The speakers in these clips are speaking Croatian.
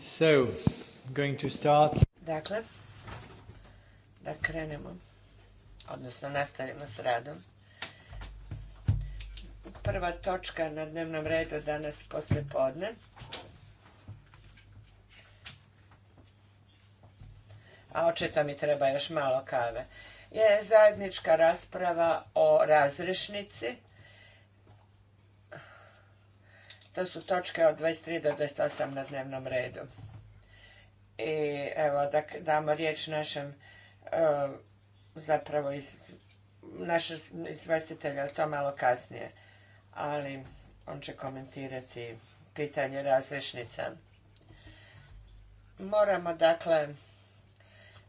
So, going to start. Dakle, da krenemo, odnosno nastavimo s radom. Prva točka na dnevnom redu danas posle podne. A očito mi treba još malo kave. Je zajednička rasprava o razrešnici To su točke od 23 do 28 na dnevnom redu. I evo da damo riječ našem e, zapravo iz naše izvestitelja to malo kasnije, ali on će komentirati pitanje razrešnica. Moramo dakle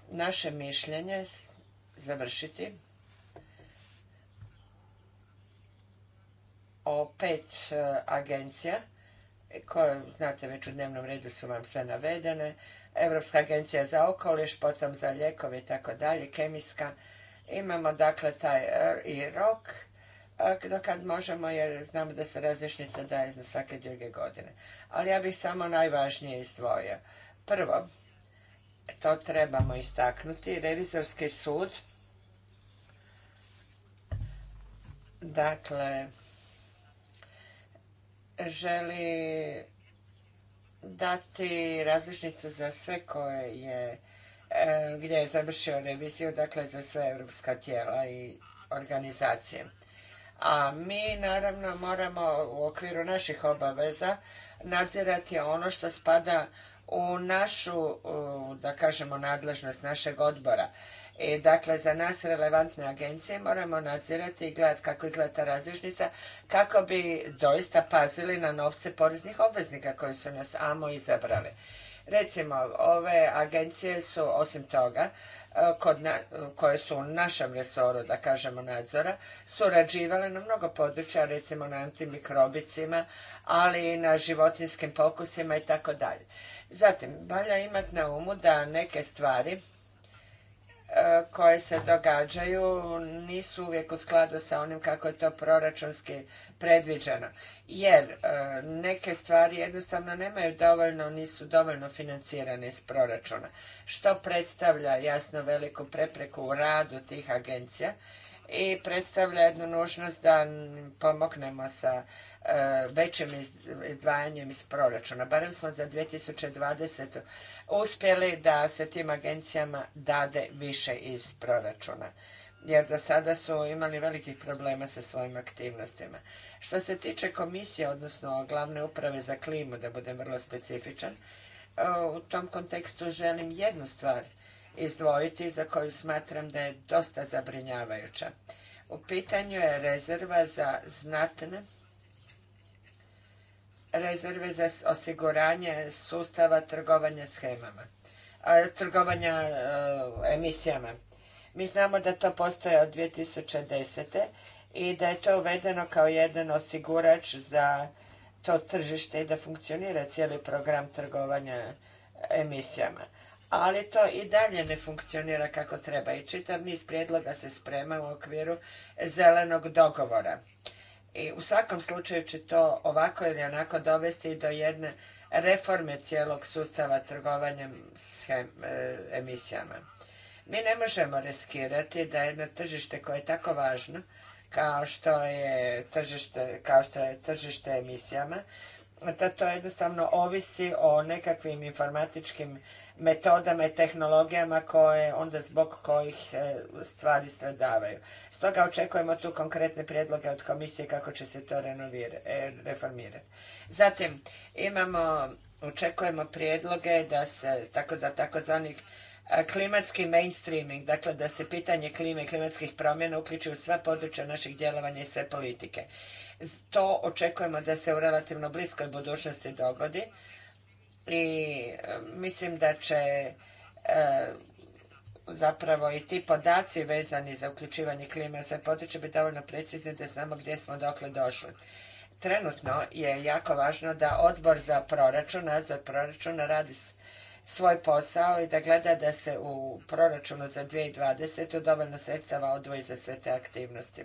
naše mišljenje završiti o pet e, agencija koje znate već u dnevnom redu su vam sve navedene. Europska agencija za okoliš, potom za lijekove i tako dalje, kemijska. Imamo dakle taj i rok e, do kad možemo jer znamo da se različnica daje za svake druge godine. Ali ja bih samo najvažnije izdvojio. Prvo, to trebamo istaknuti, revizorski sud, dakle, želi dati različnicu za sve koje je, e, gdje je završio reviziju, dakle za sve europska tijela i organizacije. A mi naravno moramo u okviru naših obaveza nadzirati ono što spada u našu, da kažemo, nadležnost našeg odbora. E, dakle, za nas relevantne agencije moramo nadzirati i gledati kako izgleda ta kako bi doista pazili na novce poreznih obveznika koji su nas amo izabrali. Recimo, ove agencije su osim toga, e, koje su u našem resoru, da kažemo, nadzora, surađivale na mnogo područja, recimo na antimikrobicima, ali i na životinskim pokusima i tako dalje. Zatim, valja imati na umu da neke stvari E, koje se događaju nisu uvijek u skladu sa onim kako je to proračunski predviđeno. Jer e, neke stvari jednostavno nemaju dovoljno, nisu dovoljno financirane iz proračuna. Što predstavlja jasno veliku prepreku u radu tih agencija i predstavlja jednu nužnost da pomognemo sa E, većim izdvajanjem iz proračuna. Barem smo za 2020. uspjeli da se tim agencijama dade više iz proračuna jer do sada su imali velikih problema sa svojim aktivnostima. Što se tiče komisije, odnosno glavne uprave za klimu, da budem vrlo specifičan, e, u tom kontekstu želim jednu stvar izdvojiti za koju smatram da je dosta zabrinjavajuća. U pitanju je rezerva za znatne rezerve za osiguranje sustava trgovanja shemama, trgovanja e, emisijama. Mi znamo da to postoje od 2010. i da je to uvedeno kao jedan osigurač za to tržište i da funkcionira cijeli program trgovanja emisijama. Ali to i dalje ne funkcionira kako treba i čitav niz prijedloga se sprema u okviru zelenog dogovora i u svakom slučaju će to ovako ili onako dovesti do jedne reforme cijelog sustava trgovanja e, emisijama. Mi ne možemo riskirati da jedno tržište koje je tako važno kao što je tržište emisijama, da to jednostavno ovisi o nekakvim informatičkim metodama i tehnologijama koje onda zbog kojih e, stvari stradavaju. Stoga očekujemo tu konkretne prijedloge od komisije kako će se to e, reformirati. Zatim imamo, očekujemo prijedloge da se tako za tzv. E, klimatski mainstreaming, dakle da se pitanje klime i klimatskih promjena uključi u sva područja naših djelovanja i sve politike. To očekujemo da se u relativno bliskoj budućnosti dogodi i e, mislim da će e, zapravo i ti podaci vezani za uključivanje klime u sve područje biti dovoljno precizni da znamo gdje smo dokle došli. Trenutno je jako važno da odbor za proračun, nadzor proračuna radi svoj posao i da gleda da se u proračunu za 2020. dovoljno sredstava odvoji za sve te aktivnosti.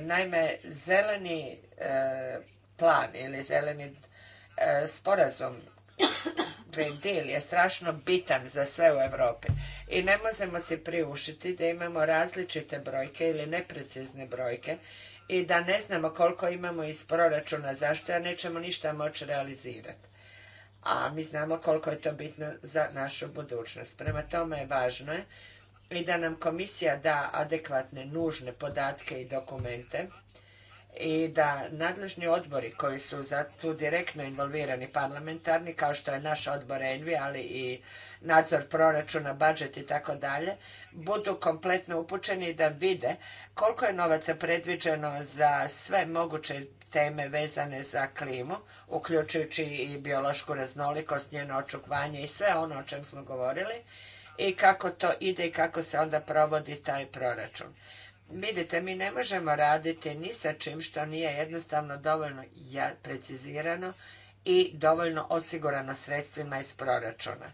Naime, zeleni e, plan ili zeleni e, sporazum Green Deal je strašno bitan za sve u Europi i ne možemo si priušiti da imamo različite brojke ili neprecizne brojke i da ne znamo koliko imamo iz proračuna zašto, jer nećemo ništa moći realizirati. A mi znamo koliko je to bitno za našu budućnost. Prema tome, važno je i da nam komisija da adekvatne, nužne podatke i dokumente i da nadležni odbori koji su za tu direktno involvirani parlamentarni, kao što je naš odbor Envi, ali i nadzor proračuna, budžet i tako dalje, budu kompletno upućeni da vide koliko je novaca predviđeno za sve moguće teme vezane za klimu, uključujući i biološku raznolikost, njeno očuvanje i sve ono o čem smo govorili i kako to ide i kako se onda provodi taj proračun. Vidite, mi ne možemo raditi ni sa čim što nije jednostavno dovoljno precizirano i dovoljno osigurano sredstvima iz proračuna.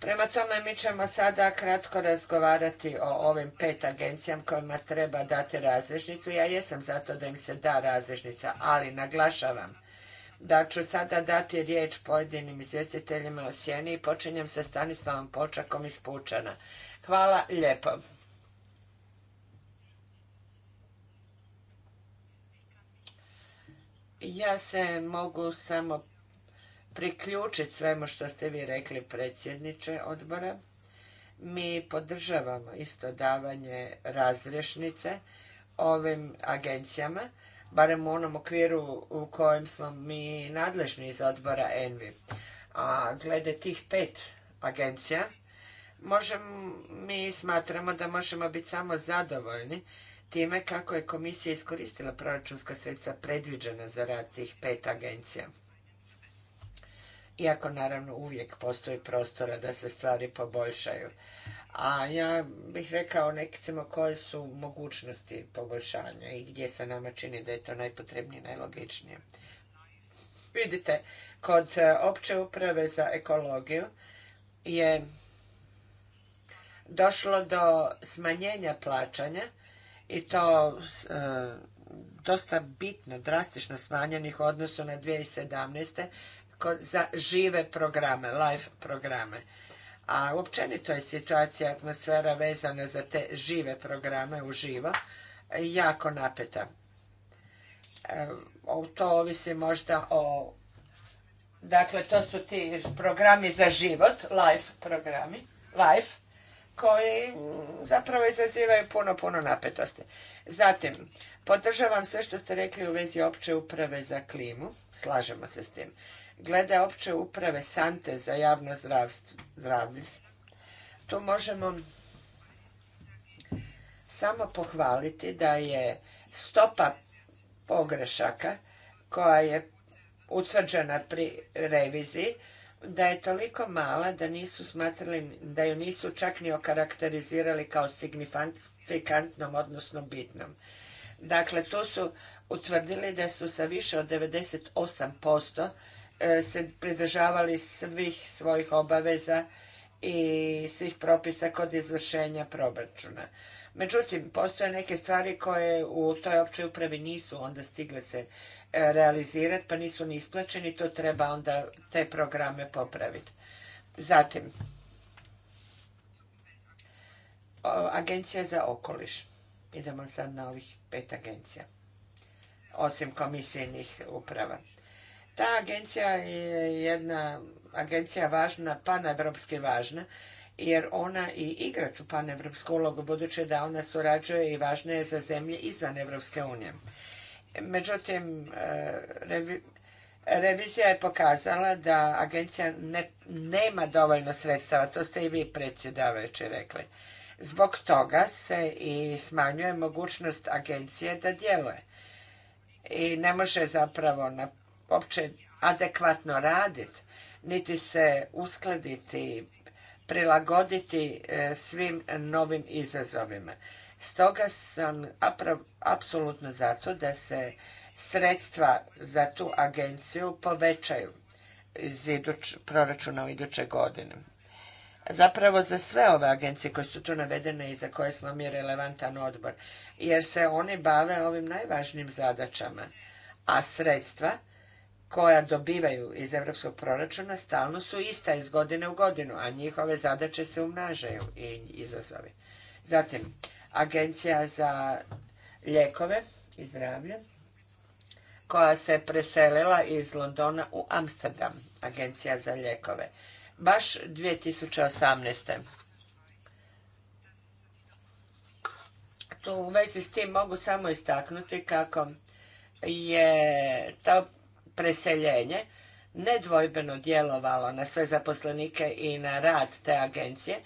Prema tome, mi ćemo sada kratko razgovarati o ovim pet agencijama kojima treba dati različnicu. Ja jesam zato da im se da različnica, ali naglašavam, da ću sada dati riječ pojedinim izvjestiteljima o sjeni i počinjem sa Stanislavom Počakom iz Pučana. Hvala lijepo. Ja se mogu samo priključiti svemu što ste vi rekli predsjedniče odbora. Mi podržavamo isto davanje razrješnice ovim agencijama barem u onom okviru u kojem smo mi nadležni iz odbora ENVI. A glede tih pet agencija, možem, mi smatramo da možemo biti samo zadovoljni time kako je komisija iskoristila proračunska sredstva predviđena za rad tih pet agencija. Iako naravno uvijek postoji prostora da se stvari poboljšaju a ja bih rekao nekima koje su mogućnosti poboljšanja i gdje se nama čini da je to najpotrebnije, najlogičnije. Vidite, kod e, opće uprave za ekologiju je došlo do smanjenja plaćanja i to e, dosta bitno, drastično smanjenih u odnosu na 2017. za žive programe, live programe a općenito je situacija atmosfera vezana za te žive programe uživo jako napeta. E, to ovisi možda o... Dakle, to su ti programi za život, life programi, life, koji zapravo izazivaju puno, puno napetosti. Zatim, podržavam sve što ste rekli u vezi opće uprave za klimu, slažemo se s tim glede opće uprave Sante za javno zdravlje. Tu možemo samo pohvaliti da je stopa pogrešaka koja je utvrđena pri reviziji, da je toliko mala da nisu smatrali, da ju nisu čak ni okarakterizirali kao signifikantnom, odnosno bitnom. Dakle, tu su utvrdili da su sa više od 98% E, se pridržavali svih svojih obaveza i svih propisa kod izvršenja proračuna. Međutim, postoje neke stvari koje u toj općoj upravi nisu onda stigle se e, realizirati, pa nisu ni isplaćeni, to treba onda te programe popraviti. Zatim, Agencija za okoliš. Idemo sad na ovih pet agencija, osim komisijnih uprava. Ta agencija je jedna agencija važna, paneuropski važna, jer ona i igra tu paneuropsku ulogu, budući da ona surađuje i važna je za zemlje izvan Evropske unije. Međutim, e, revizija je pokazala da agencija nema dovoljno sredstava, to ste i vi predsjedavajući rekli. Zbog toga se i smanjuje mogućnost agencije da djeluje i ne može zapravo na uopće adekvatno raditi, niti se uskladiti, prilagoditi e, svim novim izazovima. Stoga sam apsolutno zato da se sredstva za tu agenciju povećaju iz proračuna u iduće godine. Zapravo za sve ove agencije koje su tu navedene i za koje smo mi relevantan odbor, jer se oni bave ovim najvažnijim zadaćama, a sredstva koja dobivaju iz europskog proračuna stalno su ista iz godine u godinu, a njihove zadaće se umnažaju i izazovi. Zatim, Agencija za lijekove i zdravlje koja se preselila iz Londona u Amsterdam, Agencija za lijekove, baš 2018. Tu u vezi s tim mogu samo istaknuti kako je ta preseljenje nedvojbeno djelovalo na sve zaposlenike i na rad te agencije,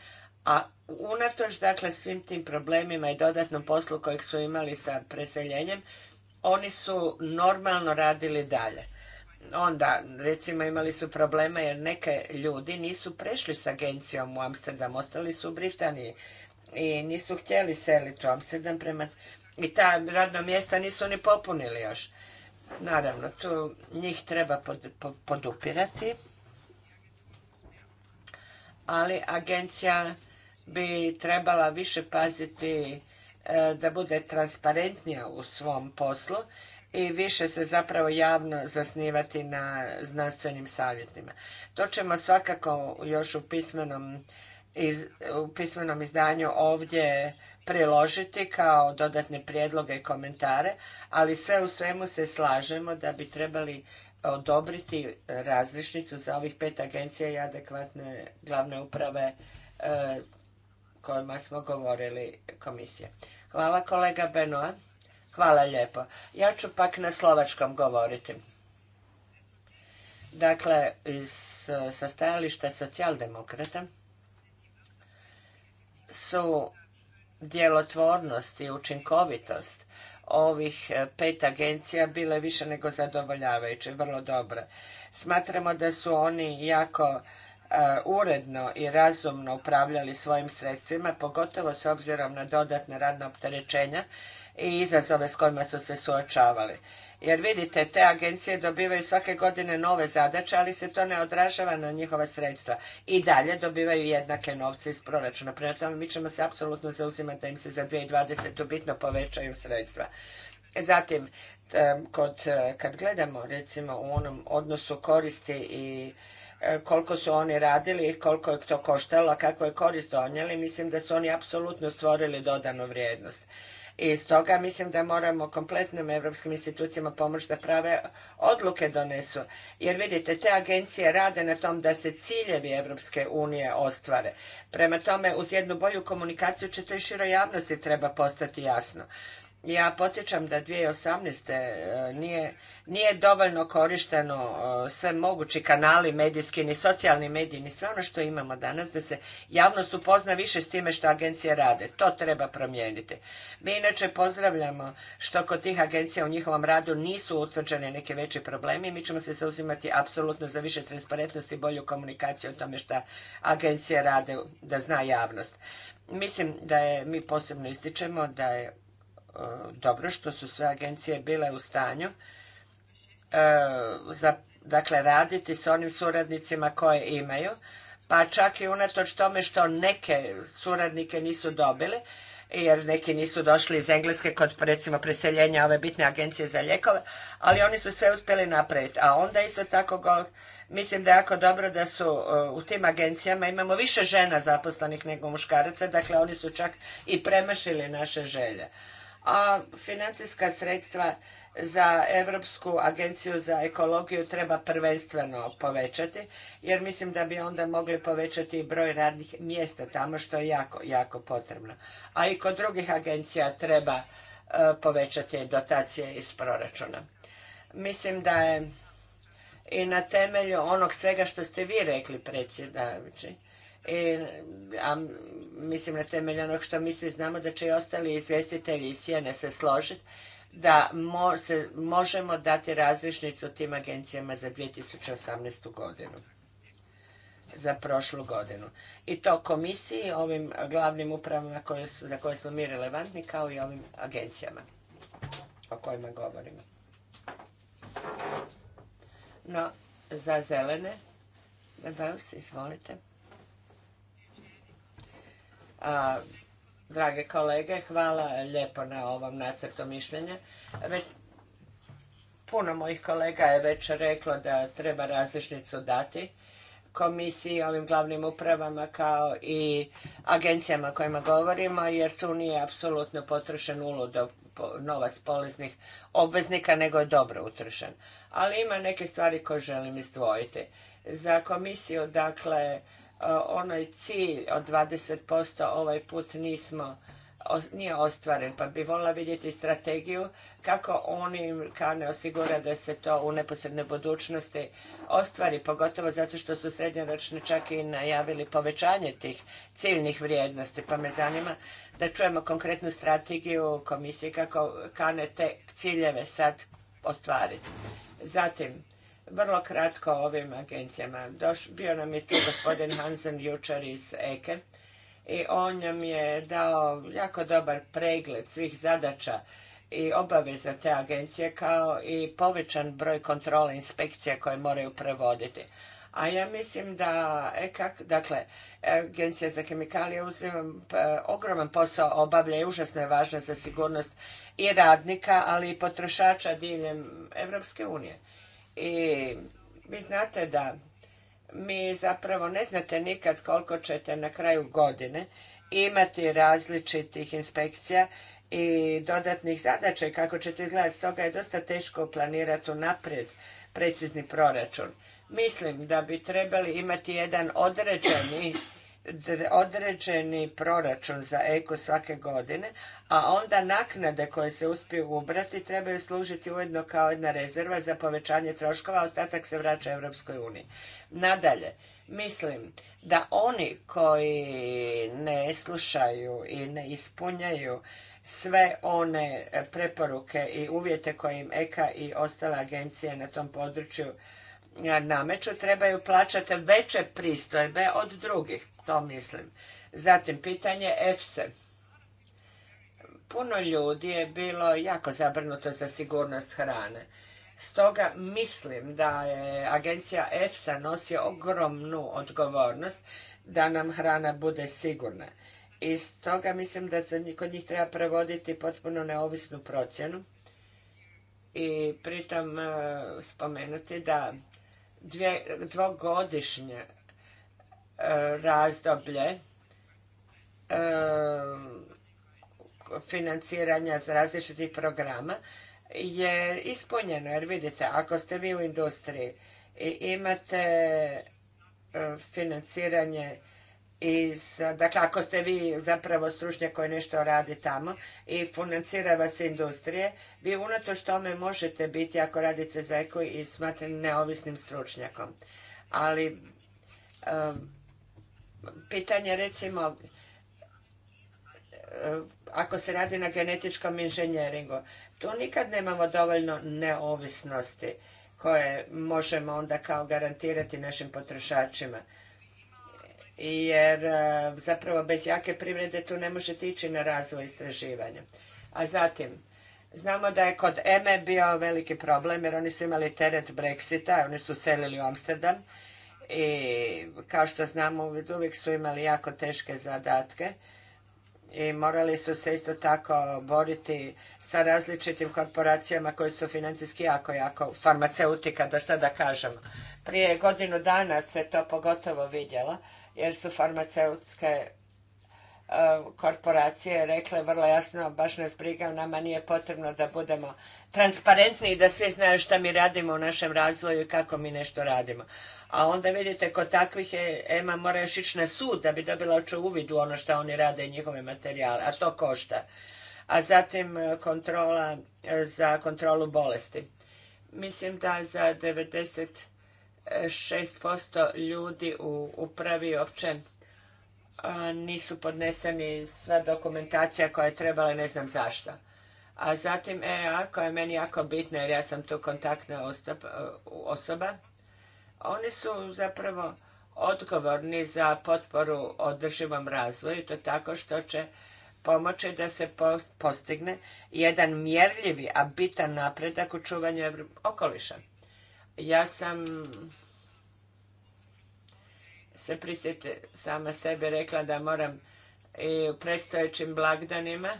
a unatoč dakle svim tim problemima i dodatnom poslu kojeg su imali sa preseljenjem, oni su normalno radili dalje. Onda, recimo, imali su problema jer neke ljudi nisu prešli s agencijom u Amsterdam, ostali su u Britaniji i nisu htjeli seliti u Amsterdam prema i ta radna mjesta nisu ni popunili još. Naravno, to njih treba podupirati, ali agencija bi trebala više paziti e, da bude transparentnija u svom poslu i više se zapravo javno zasnivati na znanstvenim savjetima. To ćemo svakako još u u pismenom izdanju ovdje priložiti kao dodatne prijedloge i komentare, ali sve u svemu se slažemo da bi trebali odobriti različnicu za ovih pet agencija i adekvatne glavne uprave e, kojima smo govorili komisije. Hvala kolega Benoa. Hvala lijepo. Ja ću pak na slovačkom govoriti. Dakle, iz, e, sa stajališta socijaldemokrata su djelotvornost i učinkovitost ovih e, pet agencija bile više nego zadovoljavajuće, vrlo dobre. Smatramo da su oni jako e, uredno i razumno upravljali svojim sredstvima, pogotovo s obzirom na dodatna radna opterećenja i izazove s kojima su se suočavali. Jer vidite, te agencije dobivaju svake godine nove zadaće, ali se to ne odražava na njihova sredstva. I dalje dobivaju jednake novce iz proračuna. Prema tome, mi ćemo se apsolutno zauzimati da im se za 2020. bitno povećaju sredstva. Zatim, e, kad gledamo recimo u onom odnosu koristi i e, koliko su oni radili i koliko je to koštalo, a kako je korist donijeli, mislim da su oni apsolutno stvorili dodanu vrijednost. I stoga mislim da moramo kompletnim europskim institucijama pomoći da prave odluke donesu. Jer vidite, te agencije rade na tom da se ciljevi Europske unije ostvare. Prema tome, uz jednu bolju komunikaciju će to i široj javnosti treba postati jasno. Ja podsjećam da 2018. E, nije, nije dovoljno korišteno e, sve mogući kanali medijski, ni socijalni mediji, ni sve ono što imamo danas, da se javnost upozna više s time što agencije rade. To treba promijeniti. Mi inače pozdravljamo što kod tih agencija u njihovom radu nisu utvrđeni neki veći problemi. Mi ćemo se zauzimati apsolutno za više transparentnosti i bolju komunikaciju o tome što agencije rade, da zna javnost. Mislim da je, mi posebno ističemo da je E, dobro što su sve agencije bile u stanju e, dakle, raditi s onim suradnicima koje imaju, pa čak i unatoč tome što neke suradnike nisu dobili, jer neki nisu došli iz Engleske kod recimo preseljenja ove bitne agencije za ljekove, ali oni su sve uspjeli napraviti. A onda isto tako go, mislim da je jako dobro da su e, u tim agencijama imamo više žena zaposlenih nego muškaraca, dakle oni su čak i premašili naše želje a financijska sredstva za Europsku agenciju za ekologiju treba prvenstveno povećati, jer mislim da bi onda mogli povećati i broj radnih mjesta tamo, što je jako, jako potrebno. A i kod drugih agencija treba e, povećati dotacije iz proračuna. Mislim da je i na temelju onog svega što ste vi rekli, predsjedavajući, E, a mislim na temelju onog što mi svi znamo da će i ostali izvjestitelji iz Sjene se složiti da možemo dati različnicu tim agencijama za 2018. godinu za prošlu godinu. I to komisiji, ovim glavnim upravama za koje smo mi relevantni, kao i ovim agencijama o kojima govorimo. No, za zelene, da izvolite drage kolege, hvala lijepo na ovom nacrtu mišljenja. puno mojih kolega je već reklo da treba različnicu dati komisiji, ovim glavnim upravama kao i agencijama kojima govorimo, jer tu nije apsolutno potrošen uludo novac poliznih obveznika, nego je dobro utrošen. Ali ima neke stvari koje želim izdvojiti. Za komisiju, dakle, onaj cilj od 20% ovaj put nismo nije ostvaren, pa bi volila vidjeti strategiju kako oni kane osigura da se to u neposrednoj budućnosti ostvari, pogotovo zato što su srednjoročno čak i najavili povećanje tih ciljnih vrijednosti, pa me zanima da čujemo konkretnu strategiju komisije kako kane te ciljeve sad ostvariti. Zatim, vrlo kratko o ovim agencijama. Doš, bio nam je tu gospodin Hansen jučer iz EKE i on nam je dao jako dobar pregled svih zadaća i obaveza te agencije kao i povećan broj kontrole inspekcija koje moraju prevoditi. A ja mislim da eka, dakle, Agencija za kemikalije uzimam e, ogroman posao obavlja i užasno je važna za sigurnost i radnika, ali i potrošača diljem Europske unije. I vi znate da mi zapravo ne znate nikad koliko ćete na kraju godine imati različitih inspekcija i dodatnih zadaća i kako ćete izgledati. Stoga je dosta teško planirati unaprijed precizni proračun. Mislim da bi trebali imati jedan određeni određeni proračun za eko svake godine, a onda naknade koje se uspiju ubrati trebaju služiti ujedno kao jedna rezerva za povećanje troškova, a ostatak se vraća Europskoj uniji. Nadalje, mislim da oni koji ne slušaju i ne ispunjaju sve one preporuke i uvjete koje im EKA i ostale agencije na tom području nameću, trebaju plaćati veće pristojbe od drugih. To mislim. Zatim, pitanje EFSE. Puno ljudi je bilo jako zabrnuto za sigurnost hrane. Stoga mislim da je agencija EFSA nosi ogromnu odgovornost da nam hrana bude sigurna. I stoga mislim da kod njih treba prevoditi potpuno neovisnu procjenu i pritom e, spomenuti da dvogodišnje razdoblje e, financiranja za različitih programa je ispunjeno. Jer vidite, ako ste vi u industriji i imate e, financiranje iz, dakle ako ste vi zapravo stručnjak koji nešto radi tamo i financira vas industrije, vi unatoč tome možete biti ako radite za eko i smatram neovisnim stručnjakom. Ali e, pitanje recimo e, ako se radi na genetičkom inženjeringu. Tu nikad nemamo dovoljno neovisnosti koje možemo onda kao garantirati našim potrošačima. Jer e, zapravo bez jake privrede tu ne može ići na razvoj istraživanja. A zatim, znamo da je kod EME bio veliki problem jer oni su imali teret Brexita, oni su selili u Amsterdam i kao što znamo uvijek su imali jako teške zadatke i morali su se isto tako boriti sa različitim korporacijama koje su financijski jako, jako farmaceutika, da šta da kažem Prije godinu dana se to pogotovo vidjelo, jer su farmaceutske e, korporacije rekle vrlo jasno, baš nas briga, nama nije potrebno da budemo transparentni i da svi znaju šta mi radimo u našem razvoju i kako mi nešto radimo. A onda vidite, kod takvih je, EMA mora još ići na sud da bi dobila oču uvid u ono što oni rade i njihove materijale, a to košta. A zatim e, kontrola e, za kontrolu bolesti. Mislim da za 96% ljudi u upravi uopće e, nisu podneseni sva dokumentacija koja je trebala, ne znam zašto. A zatim EA, koja je meni jako bitna jer ja sam tu kontaktna osoba, oni su zapravo odgovorni za potporu održivom razvoju, to tako što će pomoći da se postigne jedan mjerljivi, a bitan napredak u čuvanju okoliša. Ja sam se prisjeti sama sebi rekla da moram i u predstojećim blagdanima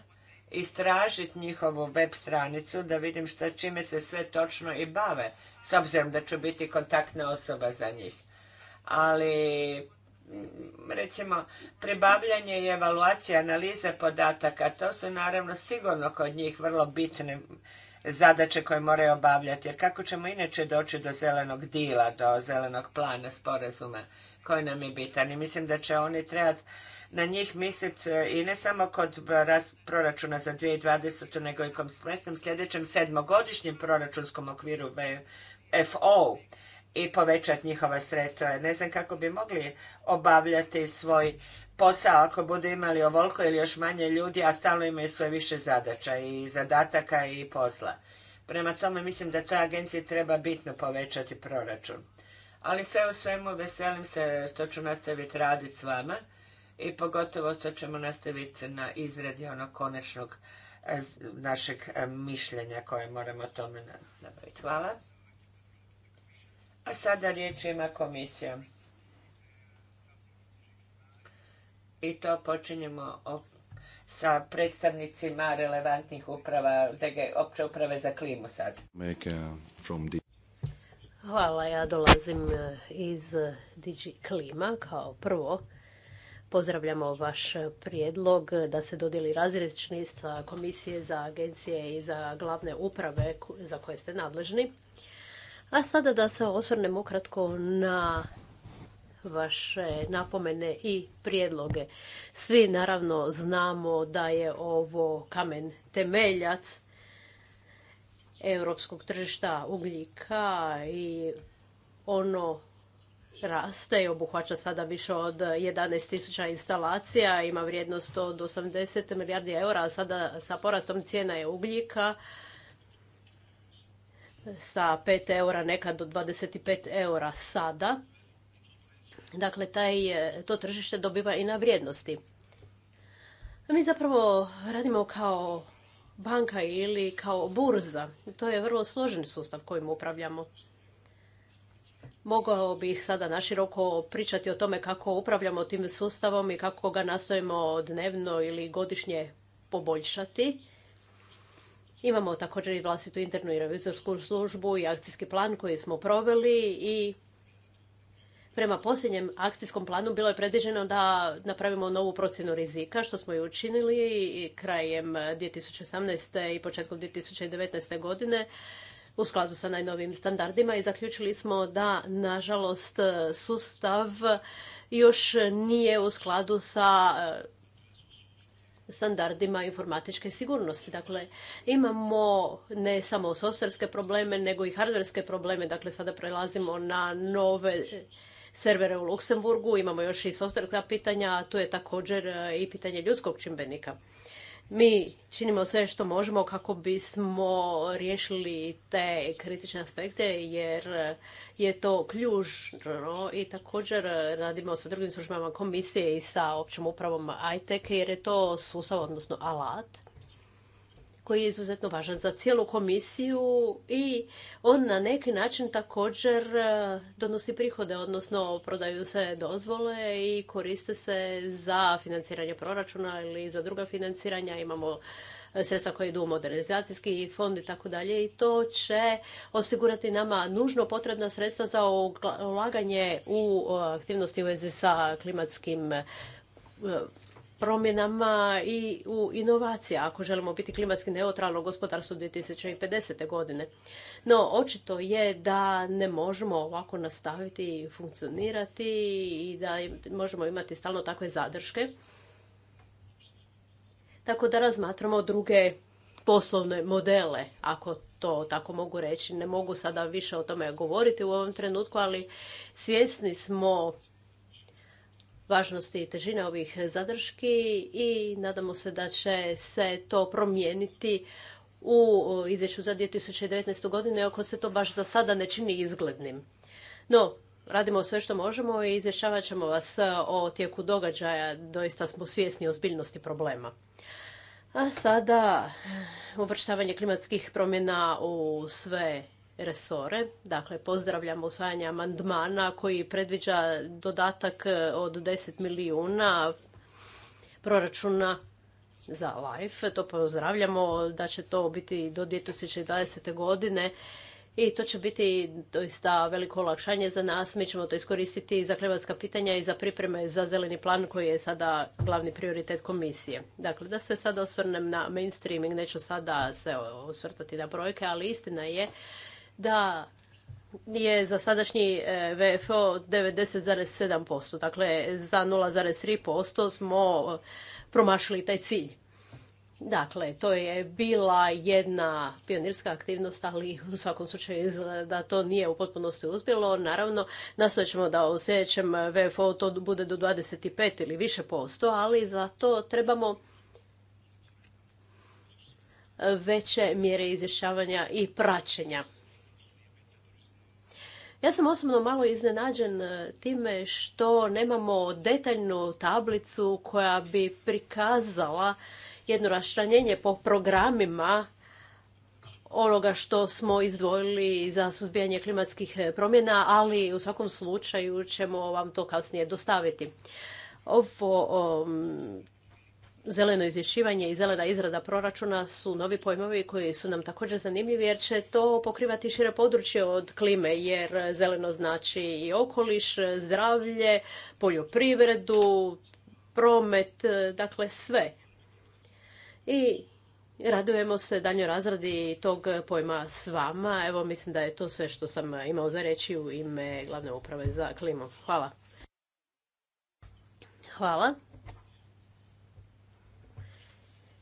istražiti njihovu web stranicu da vidim šta čime se sve točno i bave, s obzirom da ću biti kontaktna osoba za njih. Ali mm, recimo pribavljanje i evaluacija analize podataka, to su naravno sigurno kod njih vrlo bitne zadaće koje moraju obavljati. Jer kako ćemo inače doći do zelenog dila, do zelenog plana sporazuma koji nam je bitan. I mislim da će oni trebati na njih misliti e, i ne samo kod proračuna za 2020. nego i kompletnom sljedećem sedmogodišnjem proračunskom okviru BFO i povećati njihova sredstva. Ne znam kako bi mogli obavljati svoj posao ako budu imali ovoliko ili još manje ljudi, a stalno imaju sve više zadaća i zadataka i posla. Prema tome mislim da toj agenciji treba bitno povećati proračun. Ali sve u svemu veselim se što ću nastaviti raditi s vama i pogotovo to ćemo nastaviti na izradi onog konačnog eh, našeg eh, mišljenja koje moramo tome napraviti. Hvala. A sada riječ ima komisija. I to počinjemo sa predstavnicima relevantnih uprava, opće uprave za klimu sad. Eh, Hvala, ja dolazim iz Digi Klima kao prvo. Pozdravljamo vaš prijedlog da se dodijeli razrečni komisije za agencije i za glavne uprave za koje ste nadležni. A sada da se osvrnemo kratko na vaše napomene i prijedloge. Svi naravno znamo da je ovo kamen temeljac europskog tržišta ugljika i ono raste i obuhvaća sada više od 11.000 instalacija, ima vrijednost od 80 milijardi eura, a sada sa porastom cijena je ugljika sa 5 eura, nekad do 25 eura sada. Dakle, taj, to tržište dobiva i na vrijednosti. Mi zapravo radimo kao banka ili kao burza. To je vrlo složen sustav kojim upravljamo. Mogao bih sada naširoko pričati o tome kako upravljamo tim sustavom i kako ga nastojimo dnevno ili godišnje poboljšati. Imamo također i vlastitu internu i revizorsku službu i akcijski plan koji smo proveli i prema posljednjem akcijskom planu bilo je predviđeno da napravimo novu procjenu rizika, što smo i učinili krajem 2018. i početkom 2019. godine u skladu sa najnovim standardima i zaključili smo da, nažalost, sustav još nije u skladu sa e, standardima informatičke sigurnosti. Dakle, imamo ne samo softverske probleme, nego i hardverske probleme. Dakle, sada prelazimo na nove servere u Luksemburgu, imamo još i softverska pitanja, a tu je također e, i pitanje ljudskog čimbenika. Mi činimo sve što možemo kako bismo riješili te kritične aspekte jer je to ključno i također radimo sa drugim službama komisije i sa općom upravom ITEC jer je to sustav, odnosno alat koji je izuzetno važan za cijelu komisiju i on na neki način također e, donosi prihode, odnosno prodaju se dozvole i koriste se za financiranje proračuna ili za druga financiranja. Imamo e, sredstva koje idu u modernizacijski fond i tako dalje i to će osigurati nama nužno potrebna sredstva za ulaganje u e, aktivnosti u vezi sa klimatskim promjenama i u inovacija ako želimo biti klimatski neutralno gospodarstvo 2050. godine. No, očito je da ne možemo ovako nastaviti i funkcionirati i da možemo imati stalno takve zadrške. Tako da razmatramo druge poslovne modele, ako to tako mogu reći. Ne mogu sada više o tome govoriti u ovom trenutku, ali svjesni smo važnosti i težine ovih zadrški i nadamo se da će se to promijeniti u izvješću za 2019. godinu, ako se to baš za sada ne čini izglednim. No, radimo sve što možemo i izvješćavat ćemo vas o tijeku događaja. Doista smo svjesni ozbiljnosti problema. A sada uvrštavanje klimatskih promjena u sve resore. Dakle, pozdravljamo usvajanje amandmana koji predviđa dodatak e, od 10 milijuna proračuna za LIFE. To pozdravljamo da će to biti do 2020. godine i to će biti doista veliko olakšanje za nas. Mi ćemo to iskoristiti za klimatska pitanja i za pripreme za zeleni plan koji je sada glavni prioritet komisije. Dakle, da se sada osvrnem na mainstreaming, neću sada se osvrtati na brojke, ali istina je da je za sadašnji e, VFO 90,7%. Dakle, za 0,3% smo promašili taj cilj. Dakle, to je bila jedna pionirska aktivnost, ali u svakom slučaju da to nije u potpunosti uspjelo. Naravno, nastojat ćemo da u sljedećem VFO to bude do 25 ili više posto, ali za to trebamo veće mjere izvješćavanja i praćenja. Ja sam osobno malo iznenađen e, time što nemamo detaljnu tablicu koja bi prikazala jedno raščlanjenje po programima onoga što smo izdvojili za suzbijanje klimatskih e, promjena, ali u svakom slučaju ćemo vam to kasnije dostaviti. Ovo zeleno izvješćivanje i zelena izrada proračuna su novi pojmovi koji su nam također zanimljivi jer će to pokrivati šire područje od klime jer zeleno znači i okoliš, zdravlje, poljoprivredu, promet, dakle sve. I radujemo se daljnjoj razradi tog pojma s vama. Evo mislim da je to sve što sam imao za reći u ime glavne uprave za klimu. Hvala. Hvala.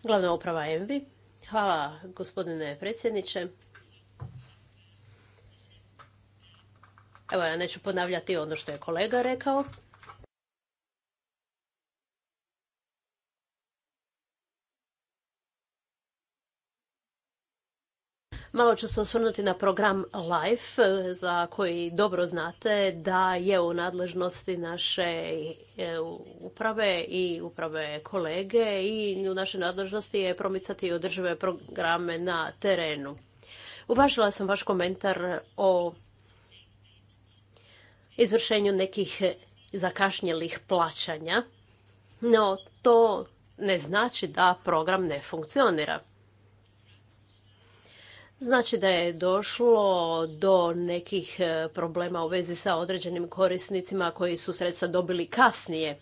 Glavna uprava ENVI. Hvala gospodine predsjedniče. Evo ja neću ponavljati ono što je kolega rekao. Malo ću se osvrnuti na program LIFE, e, za koji dobro znate da je u nadležnosti naše e, uprave i uprave kolege i u našoj nadležnosti je promicati održive programe na terenu. Uvažila sam vaš komentar o izvršenju nekih zakašnjelih plaćanja, no to ne znači da program ne funkcionira. Znači da je došlo do nekih e, problema u vezi sa određenim korisnicima koji su sredstva dobili kasnije.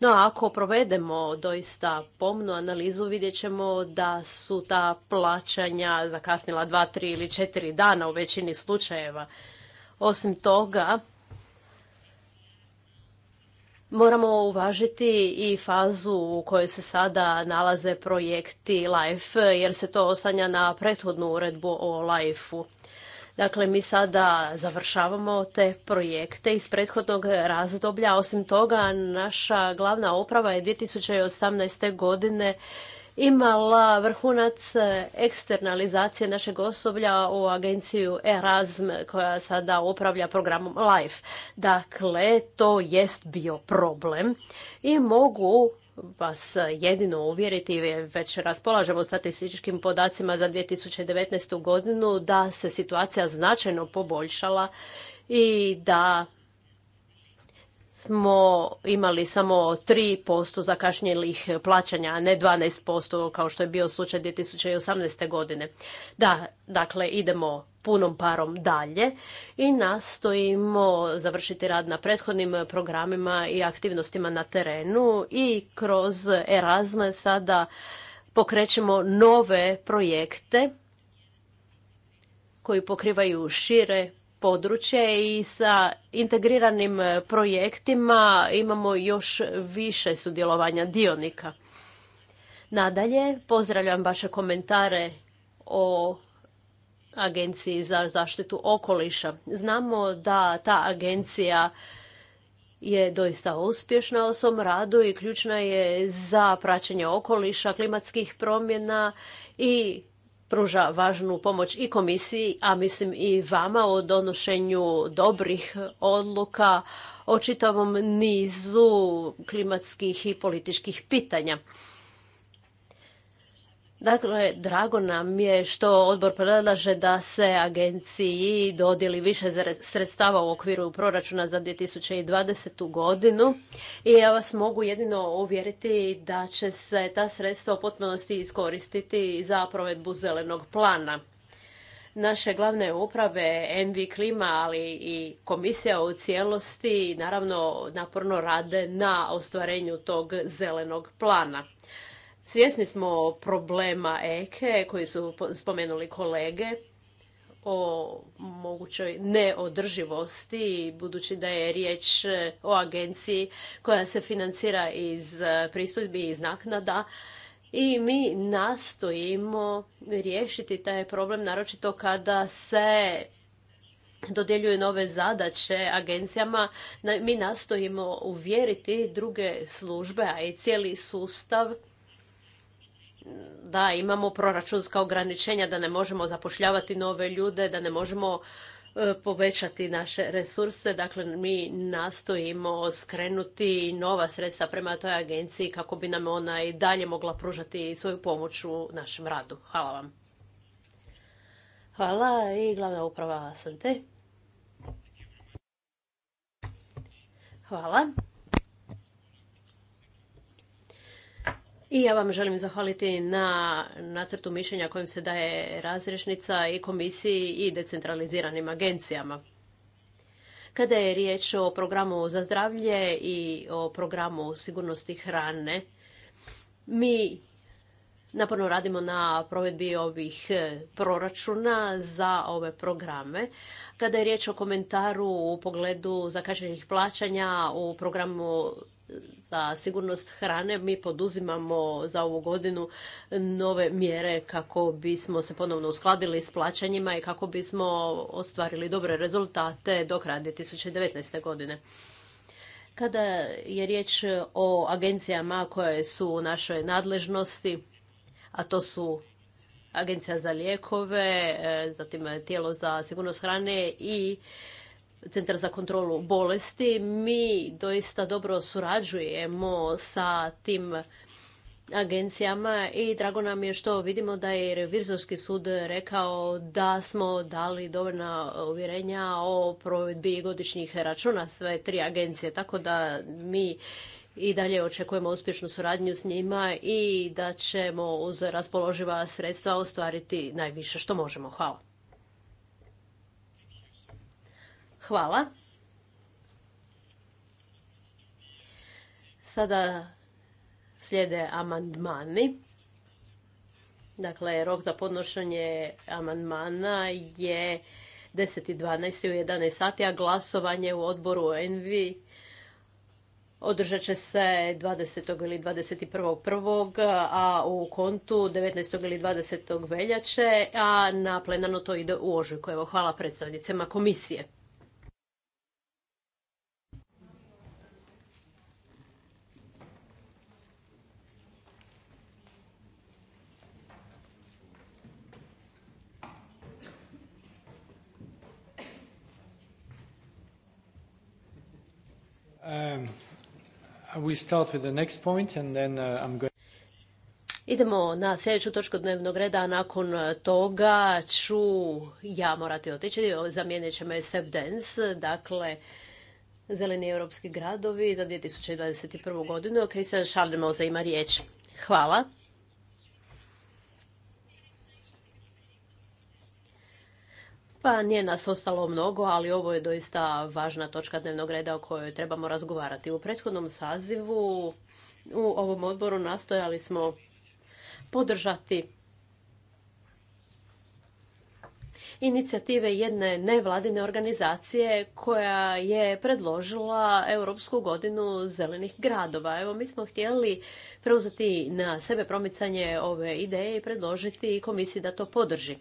No, ako provedemo doista pomnu analizu, vidjet ćemo da su ta plaćanja zakasnila 2, 3 ili 4 dana u većini slučajeva. Osim toga, moramo uvažiti i fazu u kojoj se sada nalaze projekti LIFE, jer se to osanja na prethodnu uredbu o LIFE-u. Dakle, mi sada završavamo te projekte iz prethodnog razdoblja. Osim toga, naša glavna uprava je 2018. godine imala vrhunac e, eksternalizacije našeg osoblja u agenciju Erasm koja sada upravlja programom LIFE. Dakle, to jest bio problem i mogu vas jedino uvjeriti, već raspolažemo statističkim podacima za 2019. godinu, da se situacija značajno poboljšala i da smo imali samo 3% zakašnjelih plaćanja, a ne 12% kao što je bio slučaj 2018. godine. Da, dakle, idemo punom parom dalje i nastojimo završiti rad na prethodnim programima i aktivnostima na terenu i kroz Erasme sada pokrećemo nove projekte koji pokrivaju šire područje i sa integriranim projektima imamo još više sudjelovanja dionika. Nadalje, pozdravljam vaše komentare o Agenciji za zaštitu okoliša. Znamo da ta agencija je doista uspješna u svom radu i ključna je za praćenje okoliša, klimatskih promjena i pruža važnu pomoć i komisiji, a mislim i vama o donošenju dobrih odluka o čitavom nizu klimatskih i političkih pitanja. Dakle, drago nam je što odbor predlaže da se agenciji dodijeli više sredstava u okviru proračuna za 2020. godinu i ja vas mogu jedino uvjeriti da će se ta sredstva u potpunosti iskoristiti za provedbu zelenog plana. Naše glavne uprave, MV Klima, ali i komisija u cijelosti, naravno naporno rade na ostvarenju tog zelenog plana. Svjesni smo problema EKE koji su spomenuli kolege o mogućoj neodrživosti, budući da je riječ eh, o agenciji koja se financira iz eh, pristojbi i iz naknada. I mi nastojimo riješiti taj problem, naročito kada se dodjeljuju nove zadaće agencijama. Mi nastojimo uvjeriti druge službe, a i cijeli sustav da imamo proračunska ograničenja, da ne možemo zapošljavati nove ljude, da ne možemo e, povećati naše resurse. Dakle, mi nastojimo skrenuti nova sredstva prema toj agenciji kako bi nam ona i dalje mogla pružati svoju pomoć u našem radu. Hvala vam. Hvala i glavna uprava Sante. Hvala. I ja vam želim zahvaliti na nacrtu mišljenja kojim se daje razrešnica i komisiji i decentraliziranim agencijama. Kada je riječ o programu za zdravlje i o programu sigurnosti hrane, mi Naporno radimo na provedbi ovih e, proračuna za ove programe. Kada je riječ o komentaru u pogledu zakačenih plaćanja u programu za sigurnost hrane, mi poduzimamo za ovu godinu nove mjere kako bismo se ponovno uskladili s plaćanjima i kako bismo ostvarili dobre rezultate do kraja 2019. godine. Kada je riječ o agencijama koje su u našoj nadležnosti, a to su Agencija za lijekove, e, zatim tijelo za sigurnost hrane i Centar za kontrolu bolesti. Mi doista dobro surađujemo sa tim agencijama i drago nam je što vidimo da je revizorski sud rekao da smo dali dovoljna uvjerenja o provedbi godišnjih računa sve tri agencije. Tako da mi i dalje očekujemo uspješnu suradnju s njima i da ćemo uz raspoloživa sredstva ostvariti najviše što možemo. Hvala. Hvala. Sada slijede amandmani. Dakle, rok za podnošenje amandmana je 10.12. u 11 sati, a glasovanje u odboru ENVI održat će se 20. ili 21.1. a u kontu 19. ili 20. veljače, a na plenarno to ide u ožujku. Evo, hvala predstavnicima komisije. Um. Uh, next point uh, Idemo na sljedeću točku dnevnog reda, nakon uh, toga ću ja morati otići, zamijenit će me Dance, dakle Zeleni europski gradovi za 2021. godinu. Kristijan za ima riječ. Hvala. Pa nije nas ostalo mnogo, ali ovo je doista važna točka dnevnog reda o kojoj trebamo razgovarati. U prethodnom sazivu u ovom odboru nastojali smo podržati inicijative jedne nevladine organizacije koja je predložila Europsku godinu zelenih gradova. Evo, mi smo htjeli preuzeti na sebe promicanje ove ideje i predložiti komisiji da to podrži.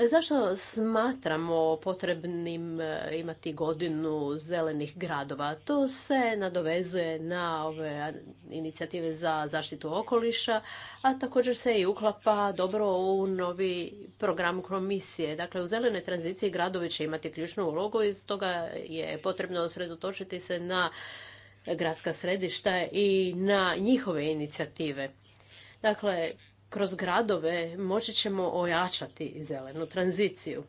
Zašto smatramo potrebnim e, imati godinu zelenih gradova? To se nadovezuje na ove inicijative za zaštitu okoliša, a također se i uklapa dobro u novi program komisije. Dakle, u zelene tranziciji gradovi će imati ključnu ulogu i stoga je potrebno osredotočiti se na gradska središta i na njihove inicijative. Dakle, kroz gradove moći ćemo ojačati zelenu tranziciju.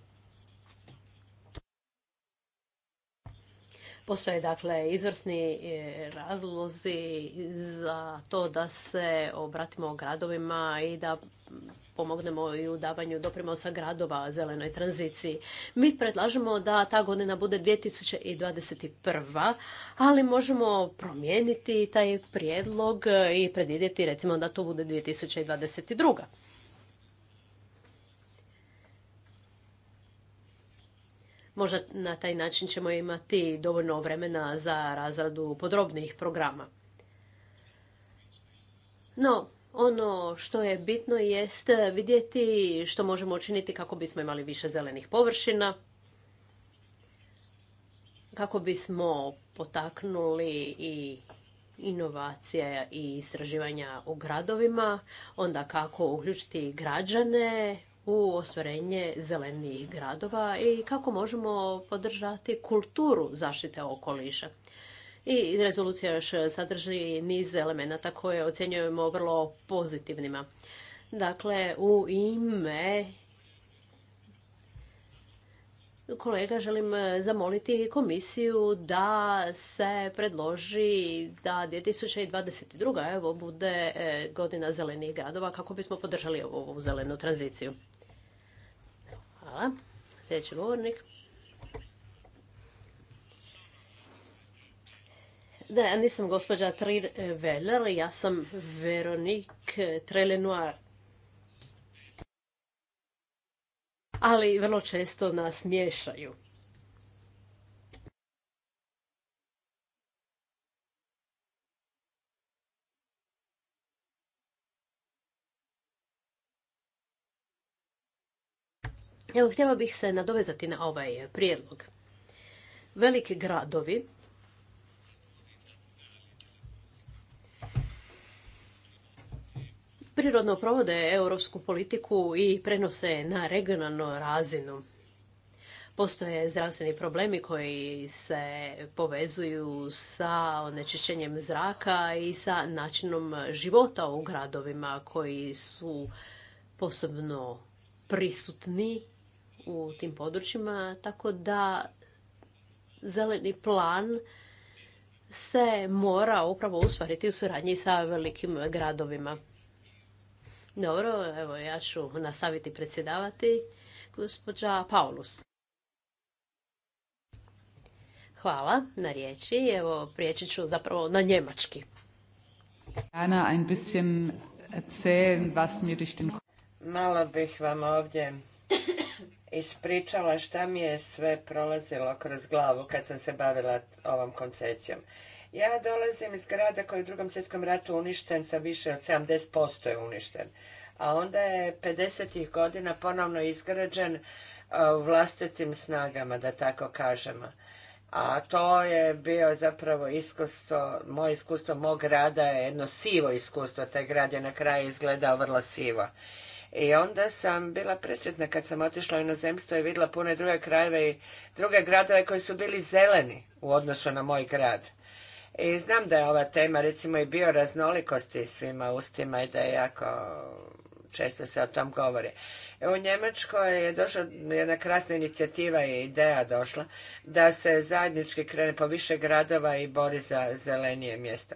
Postoje dakle izvrsni e, razlozi za to da se obratimo gradovima i da pomognemo i u davanju doprinosa gradova zelenoj tranziciji. Mi predlažemo da ta godina bude 2021. ali možemo promijeniti taj prijedlog i predvidjeti recimo da to bude 2022. Možda na taj način ćemo imati dovoljno vremena za razradu podrobnijih programa. No, ono što je bitno jest vidjeti što možemo učiniti kako bismo imali više zelenih površina, kako bismo potaknuli i inovacije i istraživanja u gradovima, onda kako uključiti građane u ostvarenje zelenih gradova i kako možemo podržati kulturu zaštite okoliša. I rezolucija još sadrži niz elemenata koje ocjenjujemo vrlo pozitivnima. Dakle, u ime kolega želim zamoliti komisiju da se predloži da 2022. evo bude e, godina zelenih gradova kako bismo podržali ovu zelenu tranziciju. Hvala. Sljedeći govornik. Da, ja nisam gospođa Trir eh, Veller, ja sam Veronik eh, Trelenoir. Ali vrlo često nas miješaju. Evo, htjela bih se nadovezati na ovaj prijedlog. Veliki gradovi prirodno provode europsku politiku i prenose na regionalnu razinu. Postoje zdravstveni problemi koji se povezuju sa onečišćenjem zraka i sa načinom života u gradovima koji su posebno prisutni u tim područjima, tako da zeleni plan se mora upravo usvariti u suradnji sa velikim gradovima. Dobro, evo ja ću nastaviti predsjedavati gospođa Paulus. Hvala na riječi. Evo, prijeći ću zapravo na njemački. Ana, ein bisschen erzählen, was mir durch den... Mala bih vam ovdje ispričala šta mi je sve prolazilo kroz glavu kad sam se bavila ovom koncepcijom Ja dolazim iz grada koji je u drugom svjetskom ratu uništen sa više od 70% je uništen. A onda je 50. godina ponovno izgrađen e, vlastitim snagama, da tako kažemo. A to je bio zapravo iskustvo, moje iskustvo mog grada je jedno sivo iskustvo. Taj grad je na kraju izgledao vrlo sivo. I onda sam bila presretna kad sam otišla u inozemstvo i vidjela pune druge krajeve i druge gradove koji su bili zeleni u odnosu na moj grad. I znam da je ova tema recimo i bioraznolikosti svima ustima i da je jako često se o tom govori. U Njemačkoj je došla jedna krasna inicijativa i ideja došla da se zajednički krene po više gradova i bori za zelenije mjesto.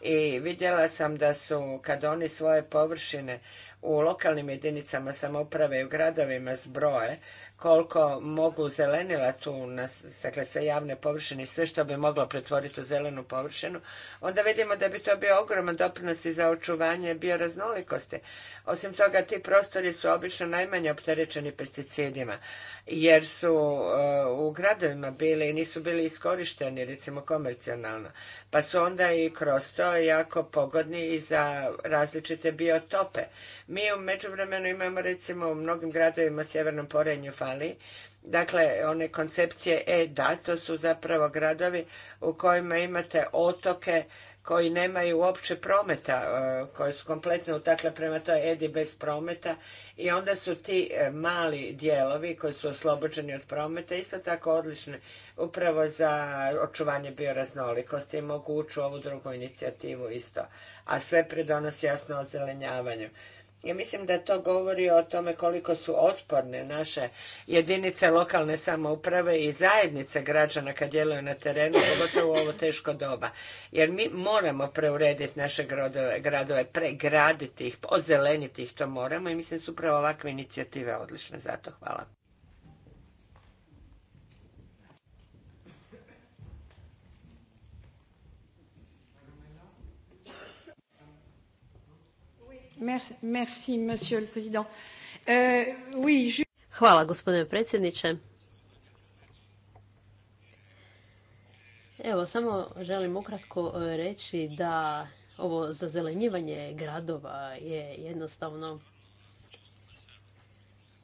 I vidjela sam da su, kad oni svoje površine u lokalnim jedinicama samouprave i u gradovima zbroje koliko mogu zelenila tu, na, dakle sve javne površine i sve što bi moglo pretvoriti u zelenu površinu, onda vidimo da bi to bio ogroman doprinos i za očuvanje bioraznolikosti. Osim toga, ti prostori su obično najmanje opterećeni pesticidima, jer su e, u gradovima bili i nisu bili iskorišteni, recimo komercionalno, pa su onda i kroz to jako pogodni i za različite biotope. Mi u međuvremenu imamo recimo u mnogim gradovima u Sjevernom Porenju ali dakle one koncepcije E da, to su zapravo gradovi u kojima imate otoke koji nemaju uopće prometa, e, koji su kompletno utakle prema toj Edi bez prometa i onda su ti e, mali dijelovi koji su oslobođeni od prometa isto tako odlični upravo za očuvanje bioraznolikosti i moguću ovu drugu inicijativu isto, a sve pridonosi jasno ozelenjavanju. Ja mislim da to govori o tome koliko su otporne naše jedinice lokalne samouprave i zajednice građana kad djeluju na terenu, pogotovo u ovo teško doba. Jer mi moramo preurediti naše gradove, pregraditi ih, ozeleniti ih, to moramo i mislim su upravo ovakve inicijative odlične. Zato hvala. Euh, Hvala, gospodine predsjedniče. Evo, samo želim ukratko e, reći da ovo zazelenjivanje gradova je jednostavno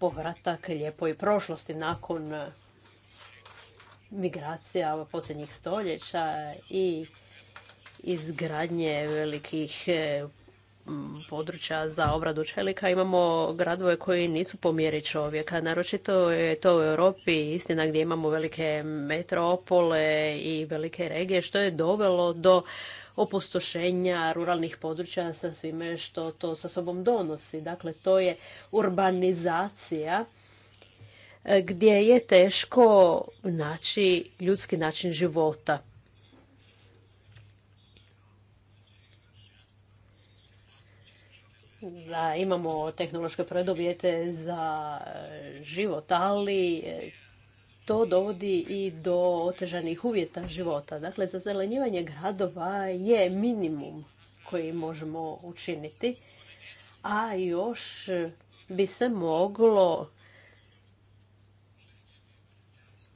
povratak lijepoj prošlosti nakon e, migracija posljednjih stoljeća i izgradnje velikih e, područja za obradu čelika imamo gradove koji nisu po mjeri čovjeka. Naročito je to u Europi istina gdje imamo velike metropole i velike regije što je dovelo do opustošenja ruralnih područja sa svime što to sa sobom donosi. Dakle, to je urbanizacija e, gdje je teško naći ljudski način života. da imamo tehnološke preduvjete za e, život, ali e, to dovodi i do otežanih uvjeta života. Dakle, za zazelenjivanje gradova je minimum koji možemo učiniti, a još bi se moglo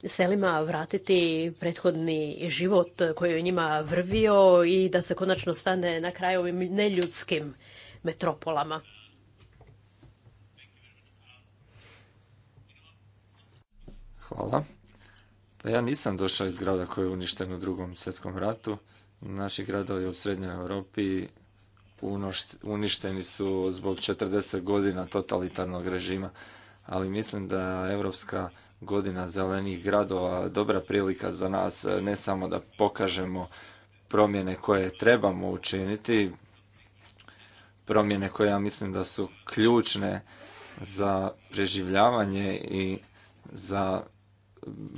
selima vratiti prethodni život koji je njima vrvio i da se konačno stane na kraju ovim neljudskim metropolama. Hvala. Pa ja nisam došao iz grada koji je uništen u drugom svjetskom ratu. Naši gradovi u Srednjoj Europi uništeni su zbog 40 godina totalitarnog režima, ali mislim da Europska godina zelenih gradova dobra prilika za nas ne samo da pokažemo promjene koje trebamo učiniti, promjene koje ja mislim da su ključne za preživljavanje i za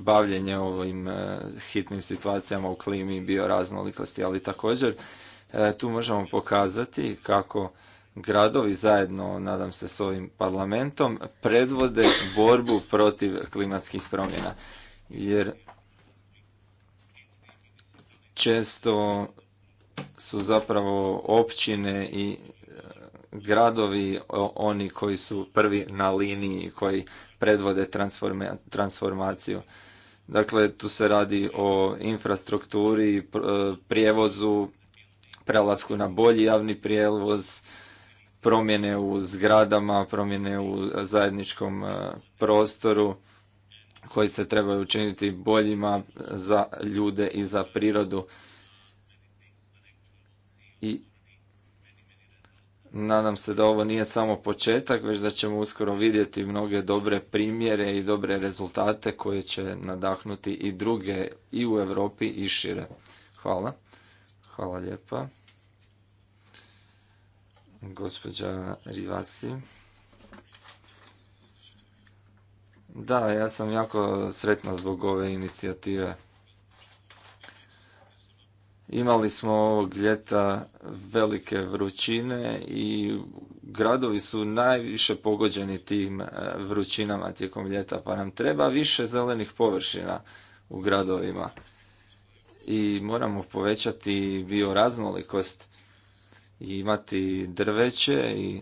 bavljenje ovim e, hitnim situacijama u klimi i bioraznolikosti, ali također e, tu možemo pokazati kako gradovi zajedno, nadam se, s ovim parlamentom predvode borbu protiv klimatskih promjena. Jer često su zapravo općine i gradovi oni koji su prvi na liniji, koji predvode transformaciju. Dakle, tu se radi o infrastrukturi, e, prijevozu, prelasku na bolji javni prijevoz, promjene u zgradama, promjene u zajedničkom e, prostoru koji se trebaju učiniti boljima za ljude i za prirodu. I Nadam se da ovo nije samo početak, već da ćemo uskoro vidjeti mnoge dobre primjere i dobre rezultate koje će nadahnuti i druge i u Europi i šire. Hvala. Hvala lijepa. Gospođa Rivasi. Da, ja sam jako sretna zbog ove inicijative. Imali smo ovog ljeta velike vrućine i gradovi su najviše pogođeni tim e, vrućinama tijekom ljeta, pa nam treba više zelenih površina u gradovima. I moramo povećati bioraznolikost i imati drveće i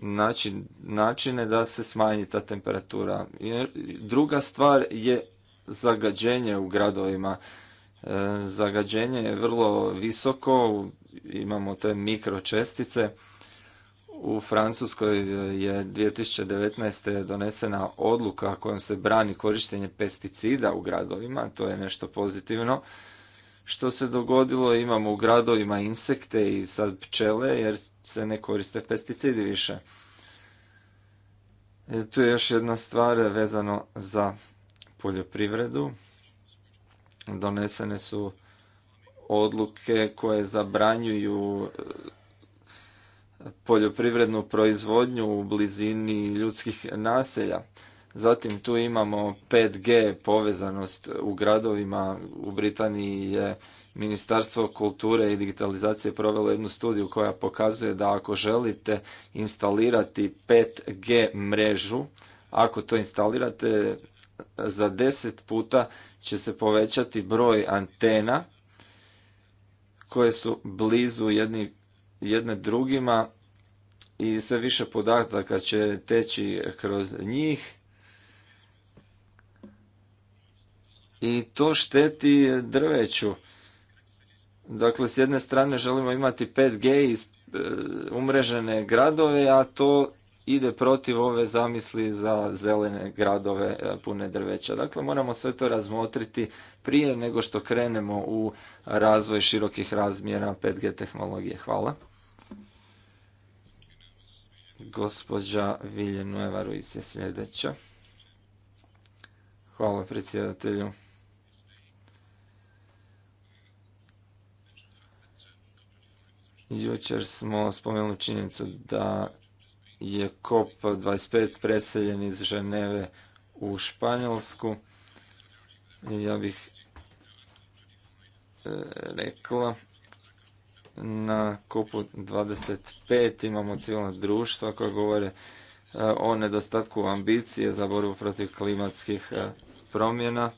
način, načine da se smanji ta temperatura. Druga stvar je zagađenje u gradovima E, zagađenje je vrlo visoko, imamo te mikročestice. U Francuskoj je 2019. donesena odluka kojom se brani korištenje pesticida u gradovima, to je nešto pozitivno. Što se dogodilo, imamo u gradovima insekte i sad pčele jer se ne koriste pesticidi više. E, tu je još jedna stvar vezano za poljoprivredu donesene su odluke koje zabranjuju e, poljoprivrednu proizvodnju u blizini ljudskih naselja. Zatim tu imamo 5G povezanost u gradovima. U Britaniji je Ministarstvo kulture i digitalizacije provelo jednu studiju koja pokazuje da ako želite instalirati 5G mrežu, ako to instalirate za 10 puta će se povećati broj antena koje su blizu jedni, jedne drugima i sve više podataka će teći kroz njih. I to šteti drveću. Dakle, s jedne strane želimo imati 5G iz e, umrežene gradove, a to ide protiv ove zamisli za zelene gradove e, pune drveća. Dakle, moramo sve to razmotriti prije nego što krenemo u razvoj širokih razmjera 5G tehnologije. Hvala. Gospođa Viljenueva Ruiz je sljedeća. Hvala predsjedatelju. Jučer smo spomenuli činjenicu da je kop 25 preseljen iz Ženeve u Španjolsku. Ja bih e, rekla na kopu 25 imamo civilno društva koja govore e, o nedostatku ambicije za borbu protiv klimatskih e, promjena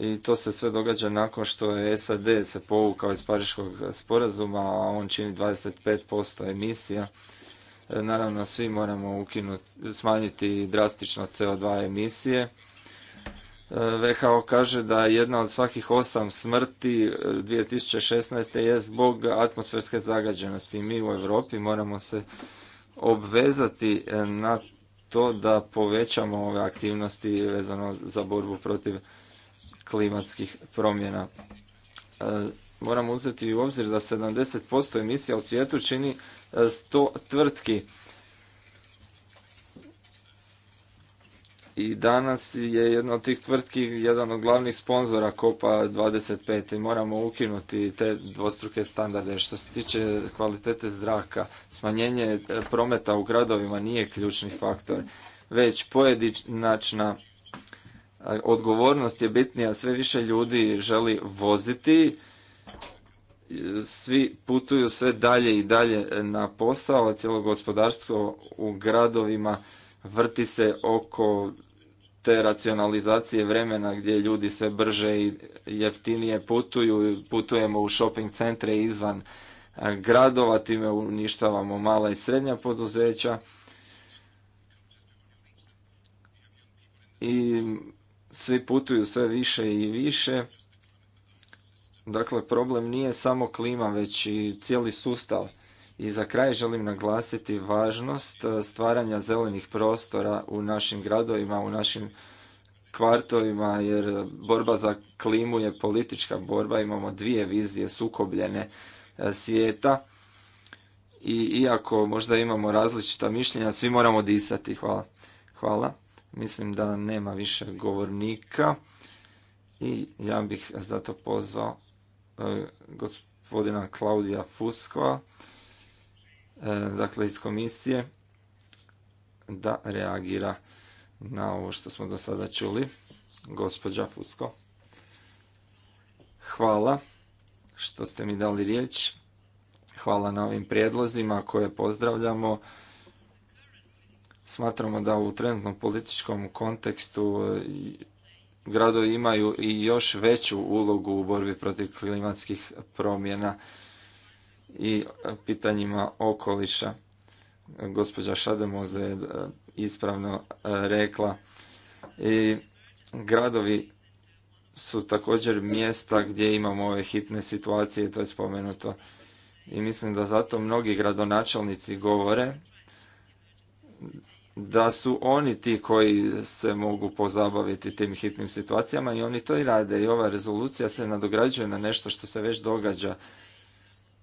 i to se sve događa nakon što je SAD se povukao iz Pariškog sporazuma, a on čini 25% emisija E, naravno, svi moramo ukinuti, smanjiti drastično CO2 emisije. WHO e, kaže da jedna od svakih osam smrti 2016. E, je zbog atmosferske zagađenosti. Mi u Europi moramo se obvezati na to da povećamo ove aktivnosti vezano za borbu protiv klimatskih promjena. Moramo uzeti u obzir da 70% emisija u svijetu čini E, sto tvrtki. I danas je jedna od tih tvrtki jedan od glavnih sponzora Kopa 25 i moramo ukinuti te dvostruke standarde. Što se tiče kvalitete zraka, smanjenje e, prometa u gradovima nije ključni faktor, već pojedinačna e, odgovornost je bitnija, sve više ljudi želi voziti svi putuju sve dalje i dalje na posao, a cijelo gospodarstvo u gradovima vrti se oko te racionalizacije vremena gdje ljudi sve brže i jeftinije putuju, putujemo u shopping centre izvan e, gradova, time uništavamo mala i srednja poduzeća. I svi putuju sve više i više Dakle, problem nije samo klima, već i cijeli sustav. I za kraj želim naglasiti važnost e, stvaranja zelenih prostora u našim gradovima, u našim kvartovima, jer borba za klimu je politička borba, imamo dvije vizije sukobljene e, svijeta i iako možda imamo različita mišljenja, svi moramo disati. Hvala. Hvala. Mislim da nema više govornika i ja bih zato pozvao gospodina Klaudija Fuskova, e, dakle iz komisije, da reagira na ovo što smo do sada čuli. Gospođa Fusko, hvala što ste mi dali riječ. Hvala na ovim prijedlozima koje pozdravljamo. Smatramo da u trenutnom političkom kontekstu e, gradovi imaju i još veću ulogu u borbi protiv klimatskih promjena i pitanjima okoliša. Gospođa Šademoza je e, ispravno e, rekla. I gradovi su također mjesta gdje imamo ove hitne situacije, to je spomenuto. I mislim da zato mnogi gradonačelnici govore da su oni ti koji se mogu pozabaviti tim hitnim situacijama i oni to i rade i ova rezolucija se nadograđuje na nešto što se već događa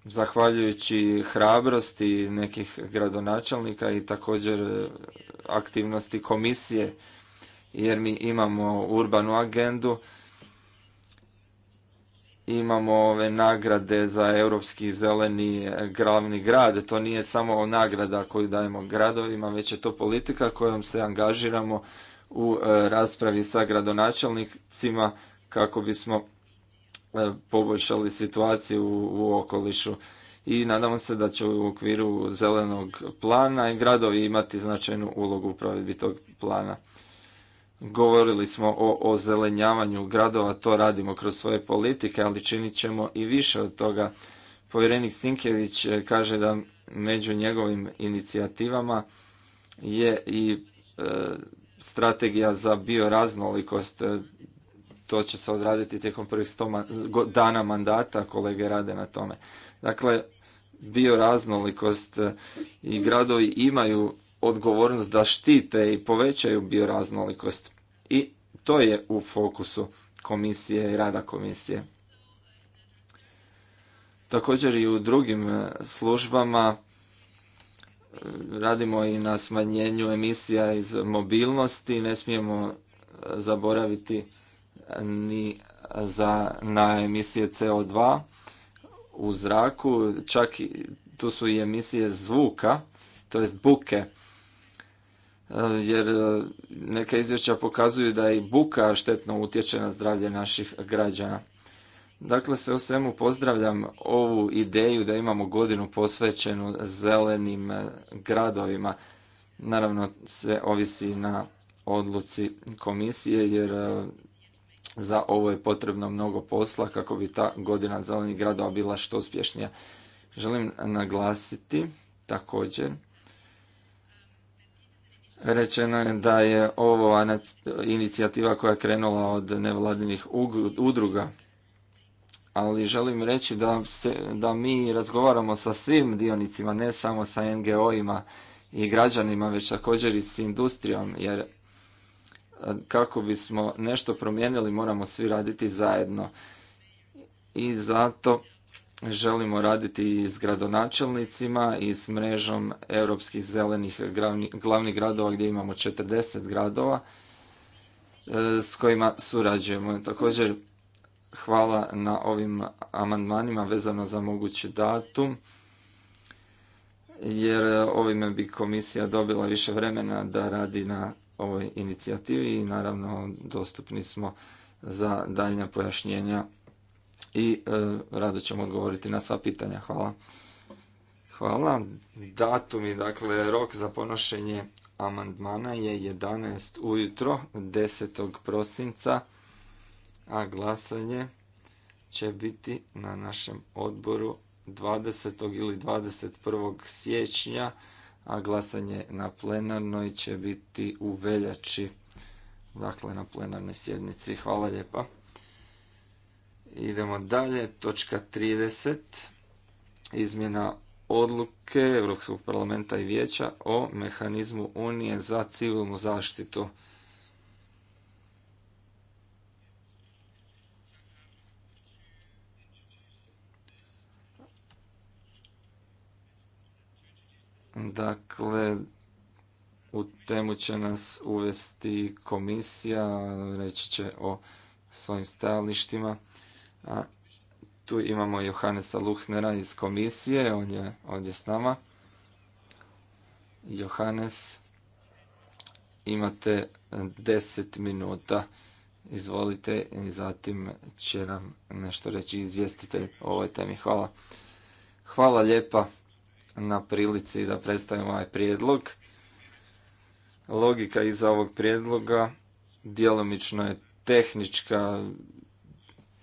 zahvaljujući hrabrosti nekih gradonačelnika i također e, aktivnosti komisije jer mi imamo urbanu agendu imamo ove nagrade za europski zeleni e, glavni grad. To nije samo nagrada koju dajemo gradovima, već je to politika kojom se angažiramo u e, raspravi sa gradonačelnicima kako bismo e, poboljšali situaciju u okolišu. I nadamo se da će u okviru zelenog plana i gradovi imati značajnu ulogu u provedbi tog plana. Govorili smo o ozelenjavanju gradova, to radimo kroz svoje politike, ali činit ćemo i više od toga. Povjerenik Sinkević eh, kaže da među njegovim inicijativama je i eh, strategija za bioraznolikost. Eh, to će se odraditi tijekom prvih dana mandata, kolege rade na tome. Dakle, bioraznolikost i gradovi imaju odgovornost da štite i povećaju bioraznolikost. I to je u fokusu komisije i rada komisije. Također i u drugim e, službama e, radimo i na smanjenju emisija iz mobilnosti, ne smijemo e, zaboraviti ni za, na emisije CO2 u zraku, čak tu su i emisije zvuka, to jest buke Eh, jer eh, neka izvješća pokazuju da i buka štetno utječe na zdravlje naših građana. Dakle, sve u svemu pozdravljam ovu ideju da imamo godinu posvećenu zelenim eh, gradovima. Naravno, sve ovisi na odluci komisije, jer za ovo je potrebno mnogo posla kako bi ta godina zelenih gradova bila što uspješnija. Želim naglasiti također Rečeno je da je ovo inicijativa koja je krenula od nevladinih udruga, ali želim reći da, se, da mi razgovaramo sa svim dionicima, ne samo sa NGO-ima i građanima, već također i s industrijom, jer e, kako bismo nešto promijenili moramo svi raditi zajedno. I zato želimo raditi i s gradonačelnicima i s mrežom europskih zelenih glavnih gradova gdje imamo 40 gradova e, s kojima surađujemo. Također hvala na ovim amandmanima vezano za mogući datum jer ovime bi komisija dobila više vremena da radi na ovoj inicijativi i naravno dostupni smo za daljnja pojašnjenja i e, rado ćemo odgovoriti na sva pitanja. Hvala. Hvala. Datum i dakle rok za ponošenje amandmana je 11 ujutro 10. prosinca, a glasanje će biti na našem odboru 20. ili 21. siječnja, a glasanje na plenarnoj će biti u veljači, dakle na plenarnoj sjednici. Hvala lijepa. Idemo dalje, točka 30. Izmjena odluke Europskog parlamenta i vijeća o mehanizmu Unije za civilnu zaštitu. Dakle, u temu će nas uvesti komisija, reći će o svojim stajalištima. A tu imamo Johanesa Luhnera iz komisije, on je ovdje s nama. Johannes, imate 10 minuta. Izvolite i zatim će nam nešto reći izvjestitelj o ovoj temi. Hvala. Hvala lijepa na prilici da predstavim ovaj prijedlog. Logika iza ovog prijedloga djelomično je tehnička,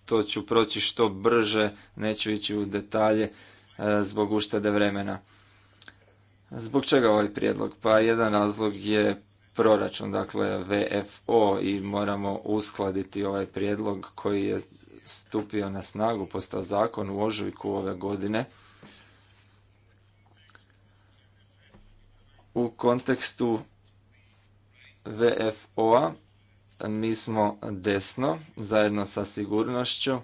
to ću proći što brže, neću ići u detalje e, zbog uštede vremena. Zbog čega ovaj prijedlog? Pa jedan razlog je proračun, dakle VFO i moramo uskladiti ovaj prijedlog koji je stupio na snagu, postao zakon u ožujku ove godine. U kontekstu VFO-a mi smo desno, zajedno sa sigurnošću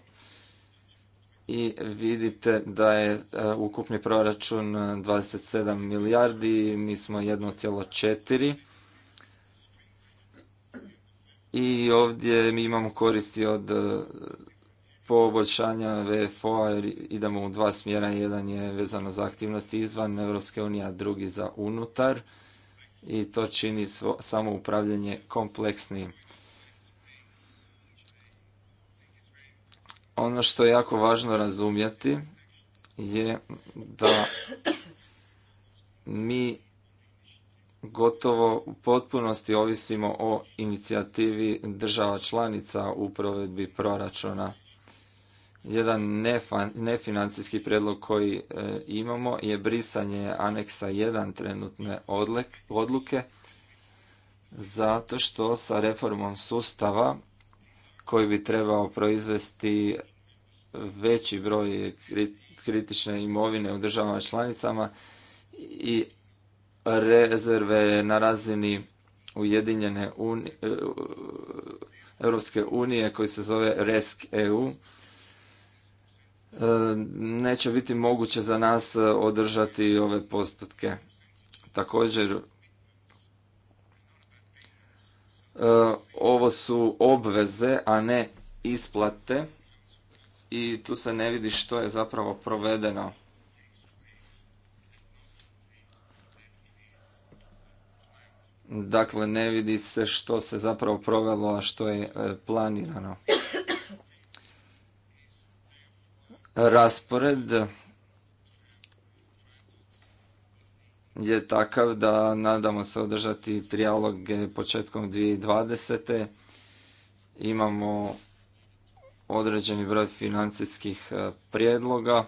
i vidite da je e, ukupni proračun 27 e, milijardi, mi smo 1,4 i ovdje mi imamo koristi od e, poboljšanja VFO-a jer idemo u dva smjera, jedan je vezano za aktivnosti izvan EU, a drugi za unutar i to čini samo upravljanje kompleksnijim. Ono što je jako važno razumjeti je da mi gotovo u potpunosti ovisimo o inicijativi država članica u provedbi proračuna. Jedan nefinancijski prijedlog koji e, imamo je brisanje aneksa 1 trenutne odluke zato što sa reformom sustava koji bi trebao proizvesti veći broj kritične imovine u državama članicama i rezerve na razini Ujedinjene e, Europske unije koji se zove RESC EU. E, neće biti moguće za nas održati ove postotke. Također, e, ovo su obveze, a ne isplate i tu se ne vidi što je zapravo provedeno. Dakle, ne vidi se što se zapravo provelo, a što je e, planirano. Raspored je takav da nadamo se održati trijaloge početkom 2020. Imamo određeni broj financijskih e, prijedloga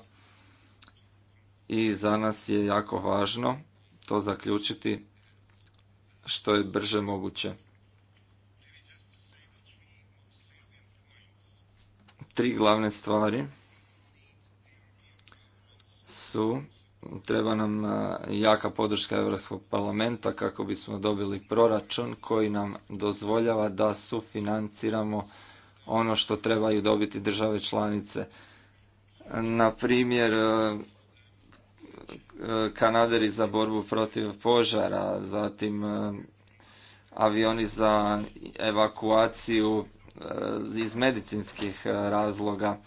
i za nas je jako važno to zaključiti što je brže moguće. Tri glavne stvari su treba nam e, jaka podrška Europskog parlamenta kako bismo dobili proračun koji nam dozvoljava da sufinanciramo ono što trebaju dobiti države članice. Na primjer, e, e, kanaderi za borbu protiv požara, zatim e, avioni za evakuaciju iz medicinskih razloga.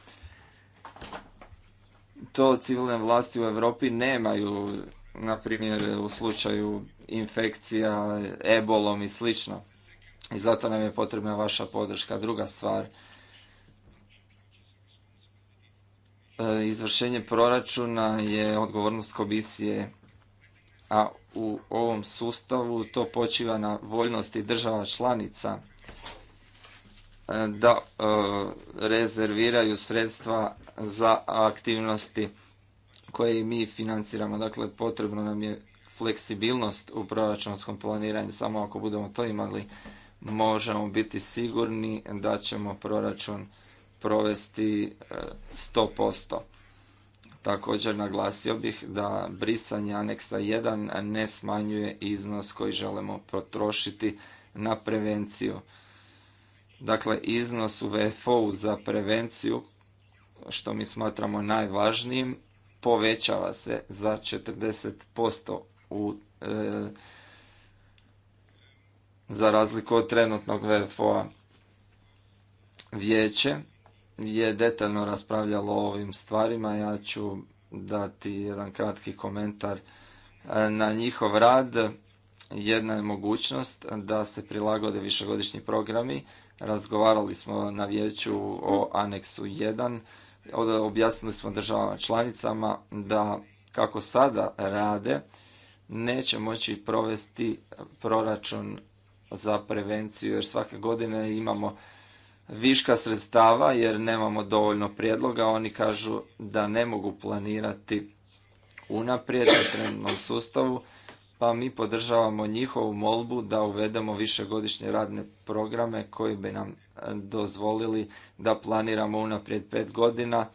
To civilne vlasti u Europi nemaju, na primjer u slučaju infekcija ebolom i slično i zato nam je potrebna vaša podrška. Druga stvar, e, izvršenje proračuna je odgovornost komisije, a u ovom sustavu to počiva na voljnosti država članica e, da e, rezerviraju sredstva za aktivnosti koje mi financiramo. Dakle, potrebno nam je fleksibilnost u proračunskom planiranju, samo ako budemo to imali, možemo biti sigurni da ćemo proračun provesti 100%. E, Također naglasio bih da brisanje aneksa 1 ne smanjuje iznos koji želimo potrošiti na prevenciju. Dakle, iznos u vfo za prevenciju, što mi smatramo najvažnijim, povećava se za 40% u e, za razliku od trenutnog VFO-a. Vijeće je detaljno raspravljalo o ovim stvarima. Ja ću dati jedan kratki komentar e, na njihov rad. Jedna je mogućnost da se prilagode višegodišnji programi. Razgovarali smo na vijeću o aneksu 1. Objasnili smo državama članicama da kako sada rade neće moći provesti proračun za prevenciju jer svake godine imamo viška sredstava jer nemamo dovoljno prijedloga. Oni kažu da ne mogu planirati unaprijed u trenutnom sustavu pa mi podržavamo njihovu molbu da uvedemo višegodišnje radne programe koji bi nam e, dozvolili da planiramo unaprijed pet godina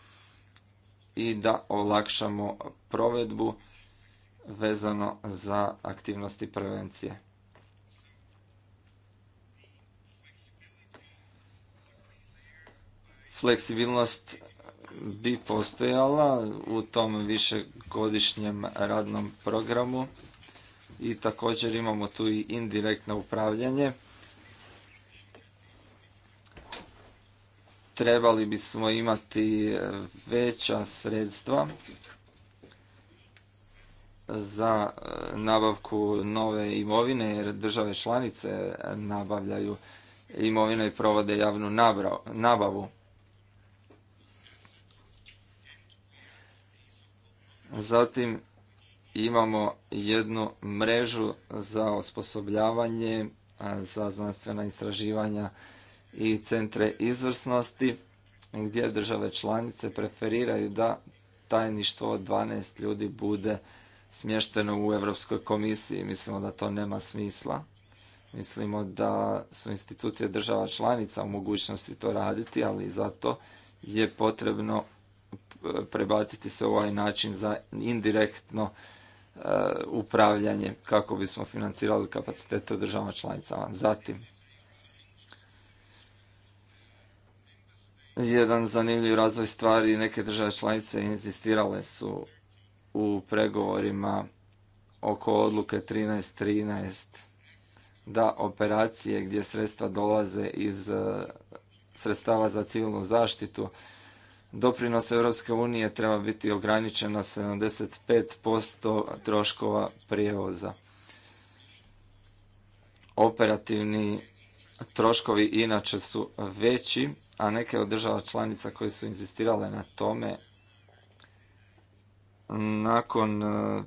i da olakšamo provedbu vezano za aktivnosti prevencije. Fleksibilnost bi postojala u tom višegodišnjem radnom programu i također imamo tu i indirektno upravljanje. Trebali bismo imati e, veća sredstva za e, nabavku nove imovine jer države članice nabavljaju imovine i provode javnu nabavu. Zatim imamo jednu mrežu za osposobljavanje, za znanstvena istraživanja i centre izvrsnosti gdje države članice preferiraju da tajništvo od 12 ljudi bude smješteno u Europskoj komisiji. Mislimo da to nema smisla. Mislimo da su institucije država članica u mogućnosti to raditi, ali zato je potrebno prebaciti se u ovaj način za indirektno e, upravljanje kako bismo financirali kapacitete državama članicama. Zatim, jedan zanimljiv razvoj stvari, neke države članice insistirale su u pregovorima oko odluke 13.13 da operacije gdje sredstva dolaze iz e, sredstava za civilnu zaštitu Doprinos Europske unije treba biti ograničen na 75% troškova prijevoza. Operativni troškovi inače su veći, a neke od država članica koje su inzistirale na tome nakon e,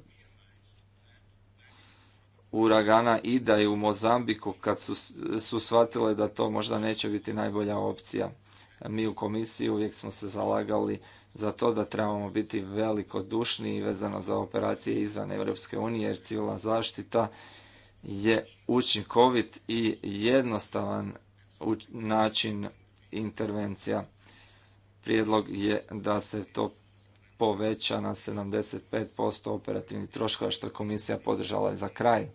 uragana Ida i u Mozambiku kad su, su shvatile da to možda neće biti najbolja opcija. Mi u komisiji uvijek smo se zalagali za to da trebamo biti veliko i vezano za operacije izvan Europske unije jer civilna zaštita je učinkovit i jednostavan način intervencija. Prijedlog je da se to poveća na 75% operativnih troškova što je komisija podržala za kraj.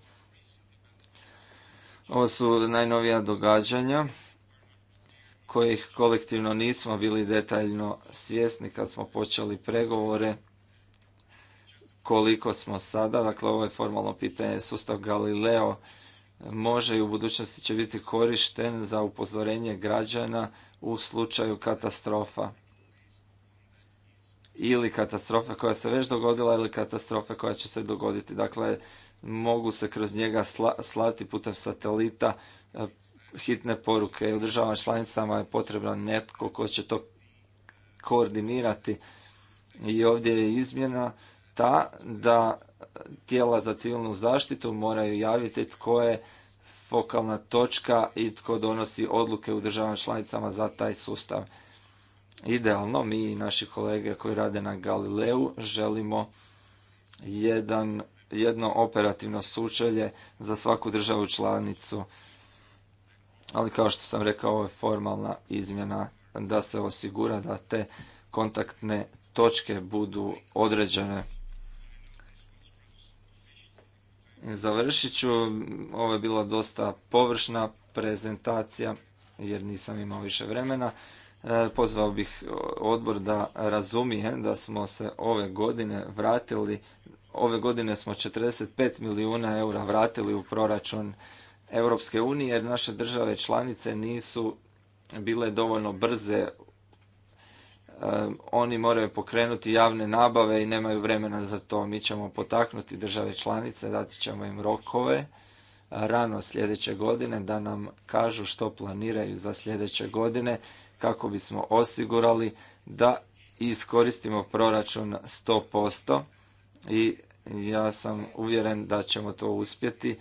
Ovo su najnovija događanja kojih kolektivno nismo bili detaljno svjesni kad smo počeli pregovore koliko smo sada, dakle ovo je formalno pitanje, sustav Galileo može i u budućnosti će biti korišten za upozorenje građana u slučaju katastrofa ili katastrofe koja se već dogodila ili katastrofe koja će se dogoditi. Dakle, mogu se kroz njega slati putem satelita hitne poruke u državama članicama je potrebno netko ko će to koordinirati. I ovdje je izmjena ta da tijela za civilnu zaštitu moraju javiti tko je fokalna točka i tko donosi odluke u državama članicama za taj sustav. Idealno, mi i naši kolege koji rade na Galileu želimo jedan, jedno operativno sučelje za svaku državu članicu ali kao što sam rekao, ovo je formalna izmjena da se osigura da te kontaktne točke budu određene. Završit ću, ovo je bila dosta površna prezentacija jer nisam imao više vremena. E, pozvao bih odbor da razumije da smo se ove godine vratili, ove godine smo 45 milijuna eura vratili u proračun Europske unije jer naše države članice nisu bile dovoljno brze. E, oni moraju pokrenuti javne nabave i nemaju vremena za to. Mi ćemo potaknuti države članice, dati ćemo im rokove e, rano sljedeće godine da nam kažu što planiraju za sljedeće godine kako bismo osigurali da iskoristimo proračun 100% i ja sam uvjeren da ćemo to uspjeti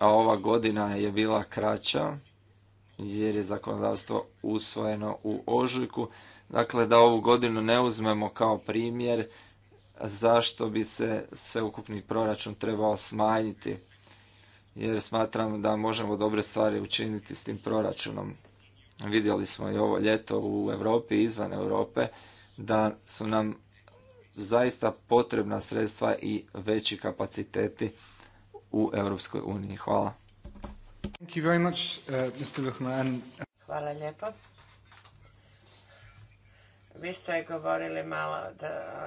a ova godina je bila kraća jer je zakonodavstvo usvojeno u ožujku. Dakle, da ovu godinu ne uzmemo kao primjer zašto bi se sveukupni proračun trebao smanjiti. Jer smatram da možemo dobre stvari učiniti s tim proračunom. Vidjeli smo i ovo ljeto u Europi i izvan Europe da su nam zaista potrebna sredstva i veći kapaciteti u Europskoj uniji. Hvala. Uh, uh, Hvala lijepo. Vi ste govorili malo da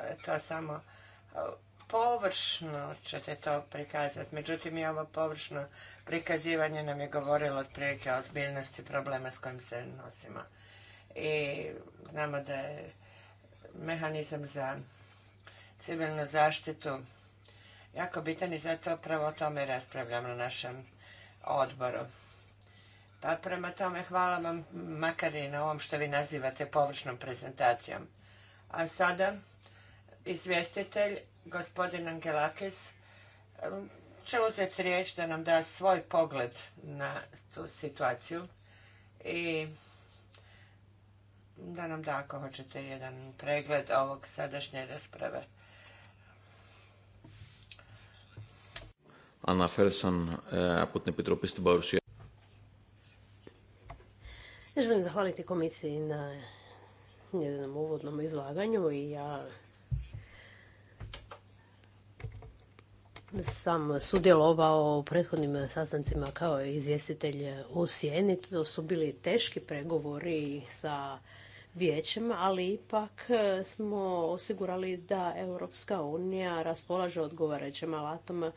je to samo uh, površno ćete to prikazati. Međutim, i ovo površno prikazivanje nam je govorilo otprilike o ozbiljnosti problema s kojim se nosimo. I znamo da je mehanizam za civilnu zaštitu jako bitan i zato upravo o tome raspravljamo na našem odboru. Pa prema tome hvala vam makar i na ovom što vi nazivate površnom prezentacijom. A sada izvjestitelj gospodin Angelakis će uzeti riječ da nam da svoj pogled na tu situaciju i da nam da ako hoćete jedan pregled ovog sadašnje rasprave. αναφέρθησαν από την Επιτροπή στην παρουσία. Želim zahvaliti komisiji na njezinom uvodnom izlaganju i ja sam sudjelovao u prethodnim sastancima kao izvjestitelj u Sjeni. To su bili teški pregovori sa vijećem, ali ipak smo osigurali da Europska unija raspolaže odgovarajućim alatom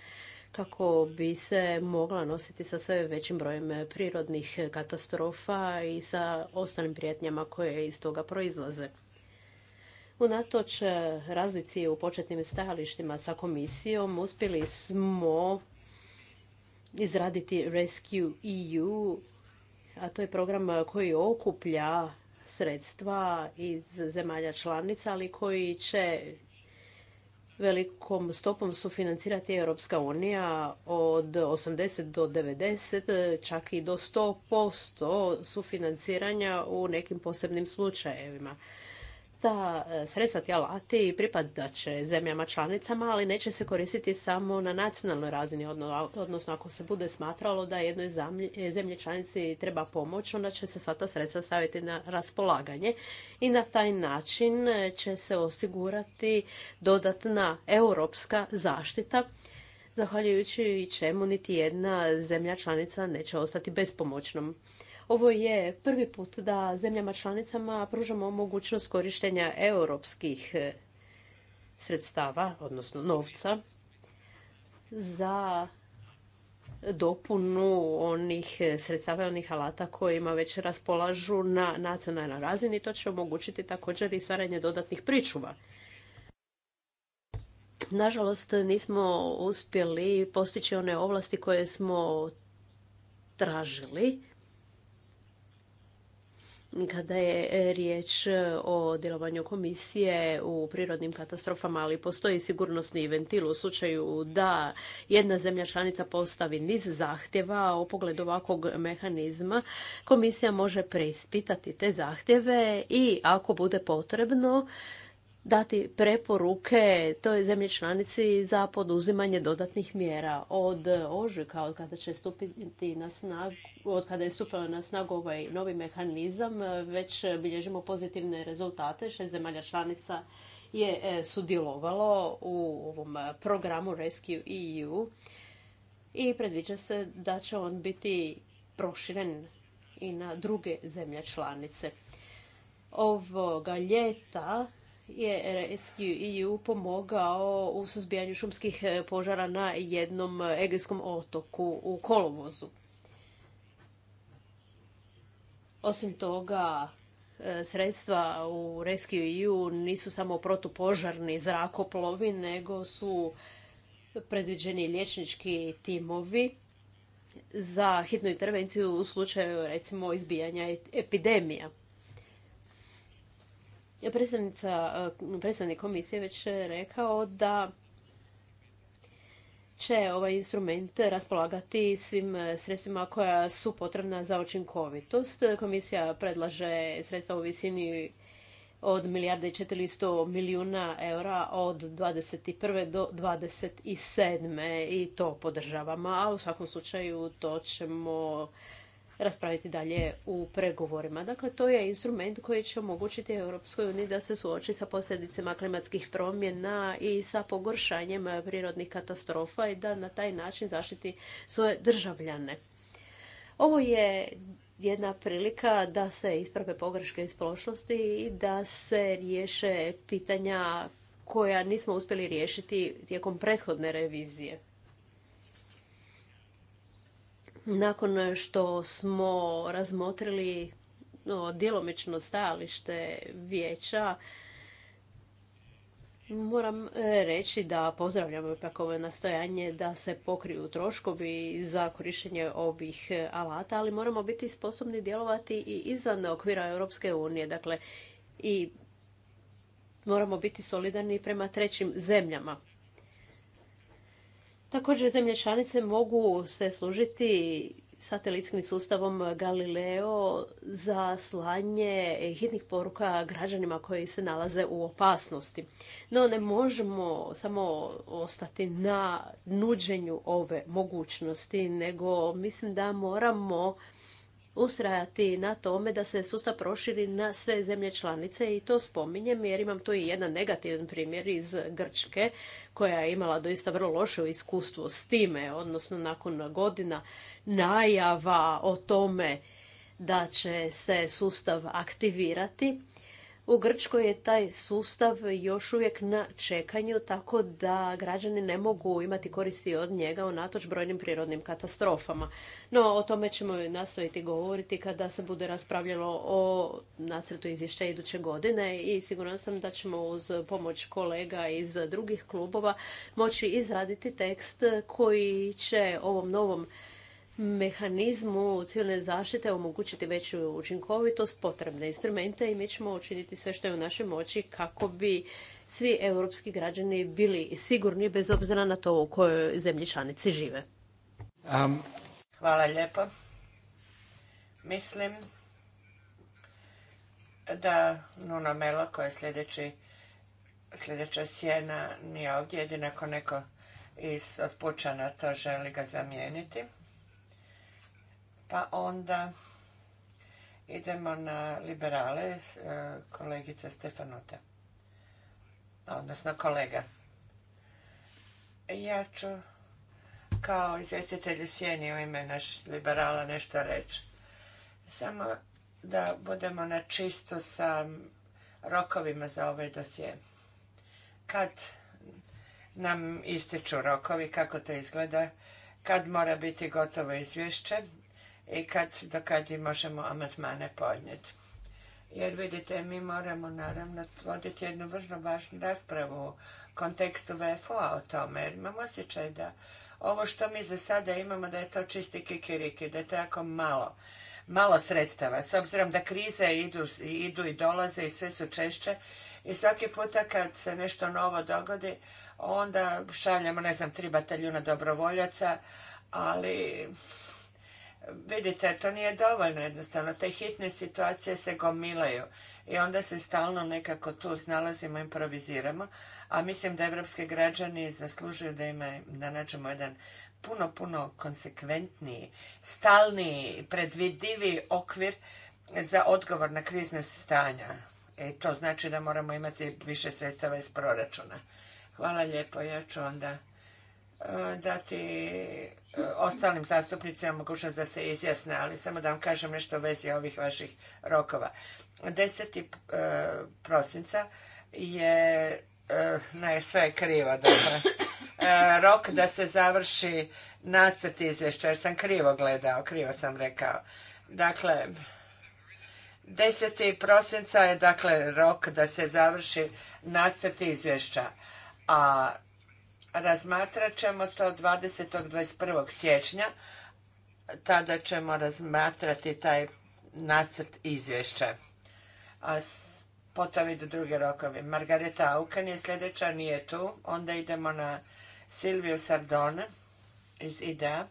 kako bi se mogla nositi sa sve većim brojem prirodnih katastrofa i sa ostalim prijetnjama koje iz toga proizlaze. Unatoč razlici u početnim stajalištima sa komisijom uspjeli smo izraditi Rescue EU, a to je program koji okuplja sredstva iz zemalja članica, ali koji će velikom stopom su financirati Europska unija od 80 do 90, čak i do 100% sufinanciranja u nekim posebnim slučajevima ta e, sredstva ti alati pripadat će zemljama članicama, ali neće se koristiti samo na nacionalnoj razini, odnosno ako se bude smatralo da jednoj e, zemlji članici treba pomoć, onda će se sva ta sredstva staviti na raspolaganje i na taj način e, će se osigurati dodatna europska zaštita, zahvaljujući čemu niti jedna zemlja članica neće ostati bespomoćnom. Ovo je prvi put da zemljama članicama pružamo mogućnost korištenja europskih e, sredstava, odnosno novca, za dopunu onih e, sredstava i onih alata kojima već raspolažu na nacionalnoj razini. To će omogućiti također i stvaranje dodatnih pričuva. Nažalost, nismo uspjeli postići one ovlasti koje smo tražili kada je e, riječ e, o djelovanju komisije u prirodnim katastrofama, ali postoji sigurnosni ventil u slučaju da jedna zemlja članica postavi niz zahtjeva u pogledu ovakvog mehanizma. Komisija može preispitati te zahtjeve i ako bude potrebno, dati preporuke toj zemlji članici za poduzimanje dodatnih mjera od ožujka, od kada će stupiti na snagu, od kada je stupio na snagu ovaj novi mehanizam, već bilježimo pozitivne rezultate. Šest zemalja članica je e, sudjelovalo u ovom programu Rescue EU i predviđa se da će on biti proširen i na druge zemlje članice. Ovoga ljeta je Rescue e pomogao u suzbijanju šumskih e, požara na jednom e, egejskom otoku u kolovozu. Osim toga, sredstva u Rescue nisu samo protupožarni zrakoplovi, nego su predviđeni liječnički timovi za hitnu intervenciju u slučaju recimo izbijanja epidemija predstavnica, e, predstavnik komisije već rekao da će ovaj instrument raspolagati svim e, sredstvima koja su potrebna za učinkovitost. Komisija predlaže sredstva u visini od milijarde i 400 milijuna eura od 21. do 27. i to podržavamo, a u svakom slučaju to ćemo raspraviti dalje u pregovorima. Dakle, to je instrument koji će omogućiti Europskoj uniji da se suoči sa posljedicama klimatskih promjena i sa pogoršanjem prirodnih katastrofa i da na taj način zaštiti svoje državljane. Ovo je jedna prilika da se isprave pogreške iz prošlosti i da se riješe pitanja koja nismo uspjeli riješiti tijekom prethodne revizije. Nakon što smo razmotrili djelomično stajalište vijeća, Moram reći da pozdravljam ipak ovo nastojanje da se pokriju troškovi za korištenje ovih alata, ali moramo biti sposobni djelovati i izvan okvira Europske unije. Dakle, i moramo biti solidarni prema trećim zemljama. Također zemlje članice mogu se služiti satelitskim sustavom Galileo za slanje hitnih poruka građanima koji se nalaze u opasnosti. No ne možemo samo ostati na nuđenju ove mogućnosti, nego mislim da moramo Ustrajati na tome da se sustav proširi na sve zemlje članice i to spominjem jer imam tu i jedan negativan primjer iz Grčke koja je imala doista vrlo loše iskustvo s time, odnosno nakon godina najava o tome da će se sustav aktivirati u Grčkoj je taj sustav još uvijek na čekanju, tako da građani ne mogu imati koristi od njega unatoč brojnim prirodnim katastrofama. No, o tome ćemo nastaviti govoriti kada se bude raspravljalo o nacrtu izvješća iduće godine i siguran sam da ćemo uz pomoć kolega iz drugih klubova moći izraditi tekst koji će ovom novom mehanizmu civilne zaštite omogućiti veću učinkovitost, potrebne instrumente i mi ćemo učiniti sve što je u našoj moći kako bi svi europski građani bili sigurni bez obzira na to u kojoj zemlji članici žive. Um, Hvala lijepo. Mislim da Nuna Melo koja je sljedeći, sljedeća sjena nije ovdje, jedinako neko iz otpučana to želi ga zamijeniti. Pa onda idemo na liberale, e, kolegica Stefanota, odnosno kolega. Ja ću kao u sjeni u ime naš liberala nešto reći. Samo da budemo na čisto sa rokovima za ove ovaj dosje. Kad nam ističu rokovi, kako to izgleda, kad mora biti gotovo izvješće i kad, do kad i možemo amatmane podnijeti. Jer vidite, mi moramo naravno voditi jednu vrlo važnu raspravu u kontekstu VFO-a o tome, jer imam osjećaj da ovo što mi za sada imamo da je to čisti kikiriki, da je to jako malo malo sredstava, s obzirom da krize idu, i dolaze i sve su češće i svaki puta kad se nešto novo dogodi, onda šaljemo, ne znam, tri bataljuna dobrovoljaca, ali Vidite, to nije dovoljno jednostavno. Te hitne situacije se gomilaju i onda se stalno nekako tu snalazimo, improviziramo, a mislim da europski građani zaslužuju da, ima, da nađemo jedan puno, puno konsekventniji, stalniji, predvidivi okvir za odgovor na krizne stanja. I e, to znači da moramo imati više sredstava iz proračuna. Hvala lijepo, ja ću onda E, dati e, ostalim zastupnicima mogućnost da se izjasne, ali samo da vam kažem nešto u vezi ovih vaših rokova. 10. E, prosinca je ne, sve je krivo, Rok da se završi nacrt izvješća, jer sam krivo gledao, krivo sam rekao. Dakle, 10. prosinca je dakle rok da se završi nacrt izvješća, a razmatrat ćemo to 20. 21. siječnja. Tada ćemo razmatrati taj nacrt izvješća. A potom idu druge rokovi. Margareta Aukan je sljedeća, nije tu. Onda idemo na Silvio Sardone iz IDEA.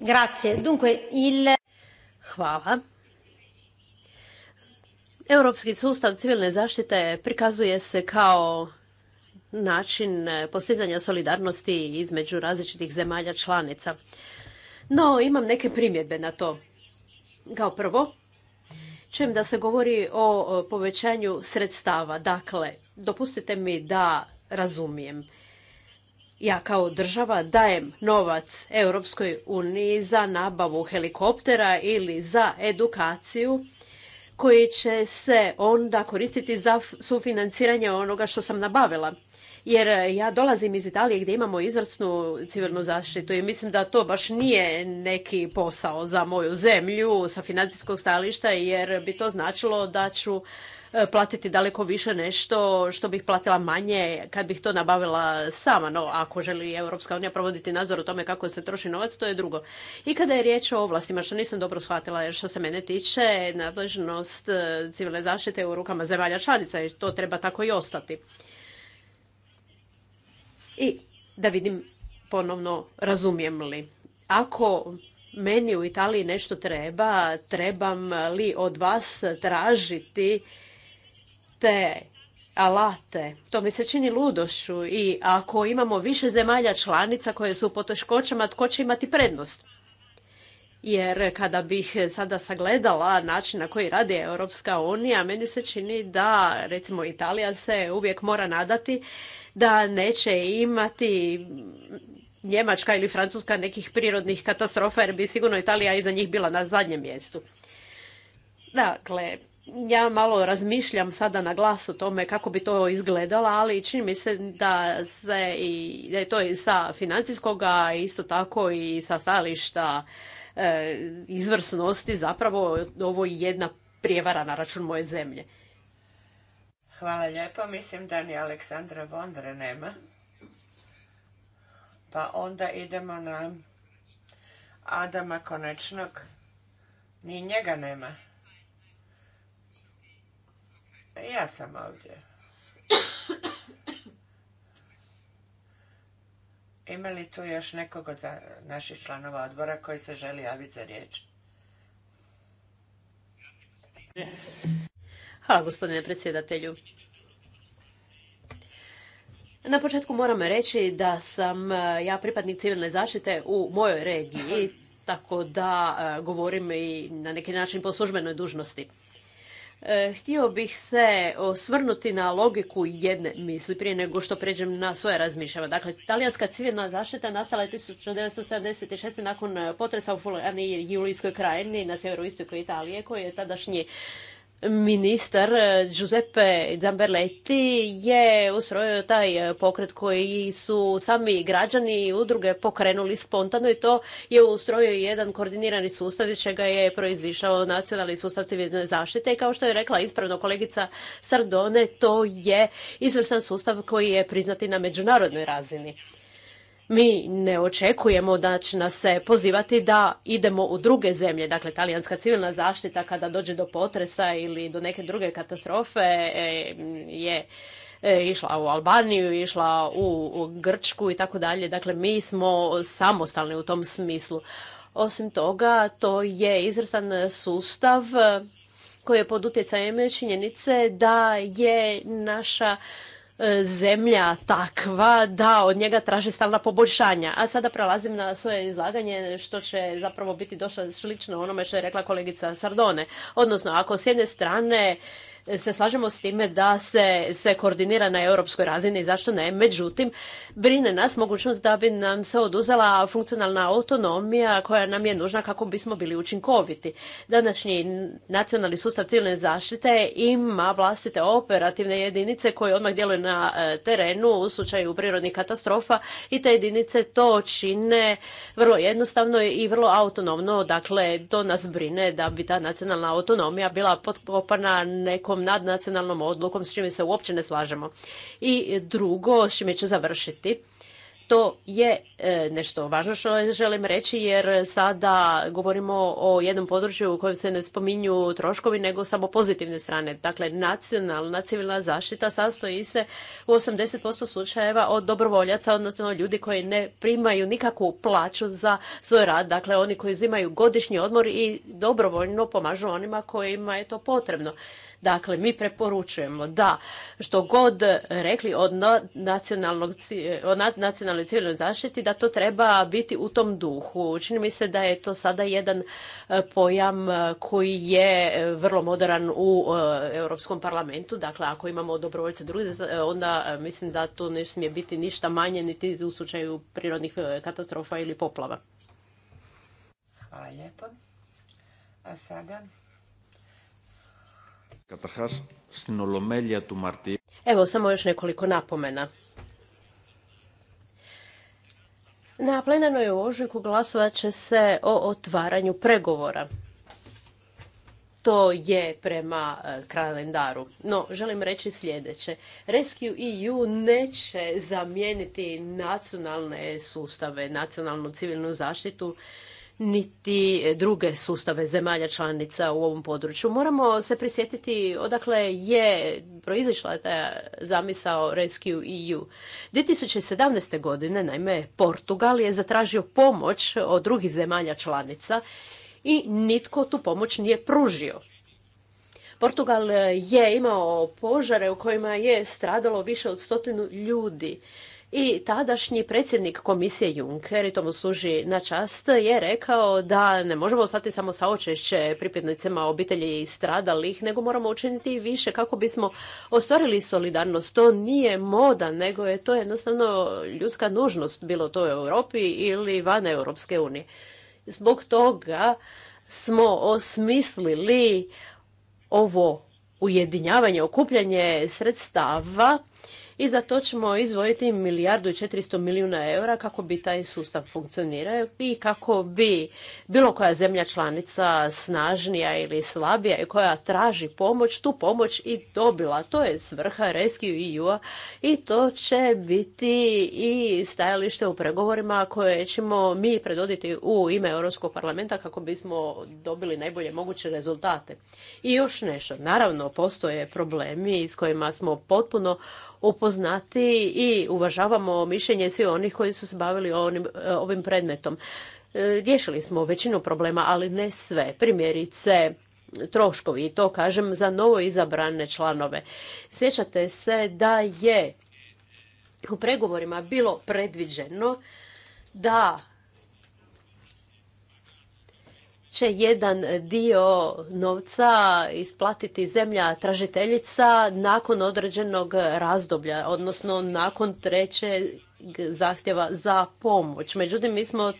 Grazie. Dunque, il... Hvala. Europski sustav civilne zaštite prikazuje se kao način e, postizanja solidarnosti između različitih zemalja članica. No, imam neke primjedbe na to. Kao prvo, čujem da se govori o povećanju sredstava. Dakle, dopustite mi da razumijem. Ja kao država dajem novac Europskoj uniji za nabavu helikoptera ili za edukaciju koji će se onda koristiti za sufinanciranje onoga što sam nabavila jer e, ja dolazim iz Italije gdje imamo izvrsnu civilnu zaštitu i mislim da to baš nije neki posao za moju zemlju sa financijskog stajališta jer bi to značilo da ću e, platiti daleko više nešto što bih platila manje kad bih to nabavila sama. No, ako želi Europska unija provoditi nadzor o tome kako se troši novac, to je drugo. I kada je riječ o ovlastima, što nisam dobro shvatila, jer što se mene tiče, nadležnost e, civilne zaštite je u rukama zemalja članica i to treba tako i ostati i da vidim ponovno razumijem li. Ako meni u Italiji nešto treba, trebam li od vas tražiti te alate. To mi se čini ludošću i ako imamo više zemalja članica koje su u poteškoćama, tko će imati prednost? Jer kada bih sada sagledala način na koji radi Europska unija, meni se čini da recimo Italija se uvijek mora nadati da neće imati Njemačka ili Francuska nekih prirodnih katastrofa jer bi sigurno Italija iza njih bila na zadnjem mjestu. Dakle, ja malo razmišljam sada na glas o tome kako bi to izgledalo, ali čini mi se da, se i, da je to i sa financijskoga, isto tako i sa stajališta e, izvrsnosti zapravo ovo je jedna prijevara na račun moje zemlje. Hvala lijepo. Mislim da ni Aleksandra Vondre nema. Pa onda idemo na Adama Konečnog. Ni njega nema. Ja sam ovdje. Ima li tu još nekog od naših članova odbora koji se želi javiti za riječ? Hvala gospodine predsjedatelju. Na početku moram reći da sam e, ja pripadnik civilne zaštite u mojoj regiji, tako da e, govorim i na neki način po službenoj dužnosti. E, htio bih se osvrnuti na logiku jedne misli prije nego što pređem na svoje razmišljava. Dakle, talijanska civilna zaštita nastala je 1976. nakon potresa u Fulani i Julijskoj krajini na istoku Italije koji je tadašnji ministar eh, Giuseppe Zamberletti je ustrojio taj eh, pokret koji su sami građani i udruge pokrenuli spontano i to je ustrojio jedan koordinirani sustav iz čega je proizišao nacionalni sustav civilne zaštite i kao što je rekla ispravno kolegica Sardone, to je izvrstan sustav koji je priznati na međunarodnoj razini. Mi ne očekujemo da će nas se pozivati da idemo u druge zemlje. Dakle, talijanska civilna zaštita kada dođe do potresa ili do neke druge katastrofe e, je e, išla u Albaniju, išla u Grčku i tako dalje. Dakle, mi smo samostalni u tom smislu. Osim toga, to je izrastan sustav e, koji je pod utjecajem činjenice da je naša E, zemlja takva da od njega traže stalna poboljšanja. A sada prelazim na svoje izlaganje što će zapravo biti došlo slično onome što je rekla kolegica Sardone. Odnosno, ako s jedne strane se slažemo s time da se sve koordinira na europskoj razini, zašto ne? Međutim, brine nas mogućnost da bi nam se oduzela funkcionalna autonomija koja nam je nužna kako bismo bili učinkoviti. Današnji nacionalni sustav civilne zaštite ima vlastite operativne jedinice koje odmah djeluju na e, terenu u slučaju prirodnih katastrofa i te jedinice to čine vrlo jednostavno i vrlo autonomno. Dakle, to nas brine da bi ta nacionalna autonomija bila potkopana nekom nad nadnacionalnom odlukom s čime se uopće ne slažemo. I drugo, s čime ću završiti, to je e, nešto važno što želim reći jer sada govorimo o jednom području u kojem se ne spominju troškovi nego samo pozitivne strane. Dakle, nacionalna civilna zaštita sastoji se u 80% slučajeva od dobrovoljaca, odnosno ljudi koji ne primaju nikakvu plaću za svoj rad. Dakle, oni koji uzimaju godišnji odmor i dobrovoljno pomažu onima kojima je to potrebno. Dakle, mi preporučujemo da što god rekli od o nacionalnoj civilnoj zaštiti, da to treba biti u tom duhu. Čini mi se da je to sada jedan e, pojam e, koji je e, vrlo moderan u Europskom parlamentu. Dakle, ako imamo dobrovoljce druge, onda mislim da to ne smije biti ništa manje niti u slučaju prirodnih katastrofa ili poplava. Hvala lijepo. A sada Evo samo još nekoliko napomena. Na plenarnoj ožujku glasovat će se o otvaranju pregovora. To je prema e, kalendaru. No, želim reći sljedeće. Rescue EU neće zamijeniti nacionalne sustave, nacionalnu civilnu zaštitu niti druge sustave zemalja članica u ovom području. Moramo se prisjetiti odakle je proizišla ta zamisao Rescue EU. 2017. godine, naime, Portugal je zatražio pomoć od drugih zemalja članica i nitko tu pomoć nije pružio. Portugal je imao požare u kojima je stradalo više od stotinu ljudi. I tadašnji predsjednik komisije Juncker, i to mu služi na čast, je rekao da ne možemo ostati samo sa očešće pripadnicima obitelji i stradalih, nego moramo učiniti više kako bismo ostvarili solidarnost. To nije moda, nego je to jednostavno ljudska nužnost, bilo to u Europi ili van Europske unije. Zbog toga smo osmislili ovo ujedinjavanje, okupljanje sredstava i za to ćemo izvojiti milijardu i 400 milijuna eura kako bi taj sustav funkcionirao i kako bi bilo koja zemlja članica snažnija ili slabija i koja traži pomoć, tu pomoć i dobila. To je svrha Rescue EU-a i to će biti i stajalište u pregovorima koje ćemo mi predoditi u ime Europskog parlamenta kako bismo dobili najbolje moguće rezultate. I još nešto, naravno postoje problemi s kojima smo potpuno upoznati i uvažavamo mišljenje svih onih koji su se bavili e, ovim predmetom. E, Rješili smo većinu problema, ali ne sve. Primjerice, troškovi i to kažem za novo izabrane članove. Sjećate se da je u pregovorima bilo predviđeno da će jedan dio novca isplatiti zemlja tražiteljica nakon određenog razdoblja, odnosno nakon trećeg zahtjeva za pomoć. Međutim, mi smo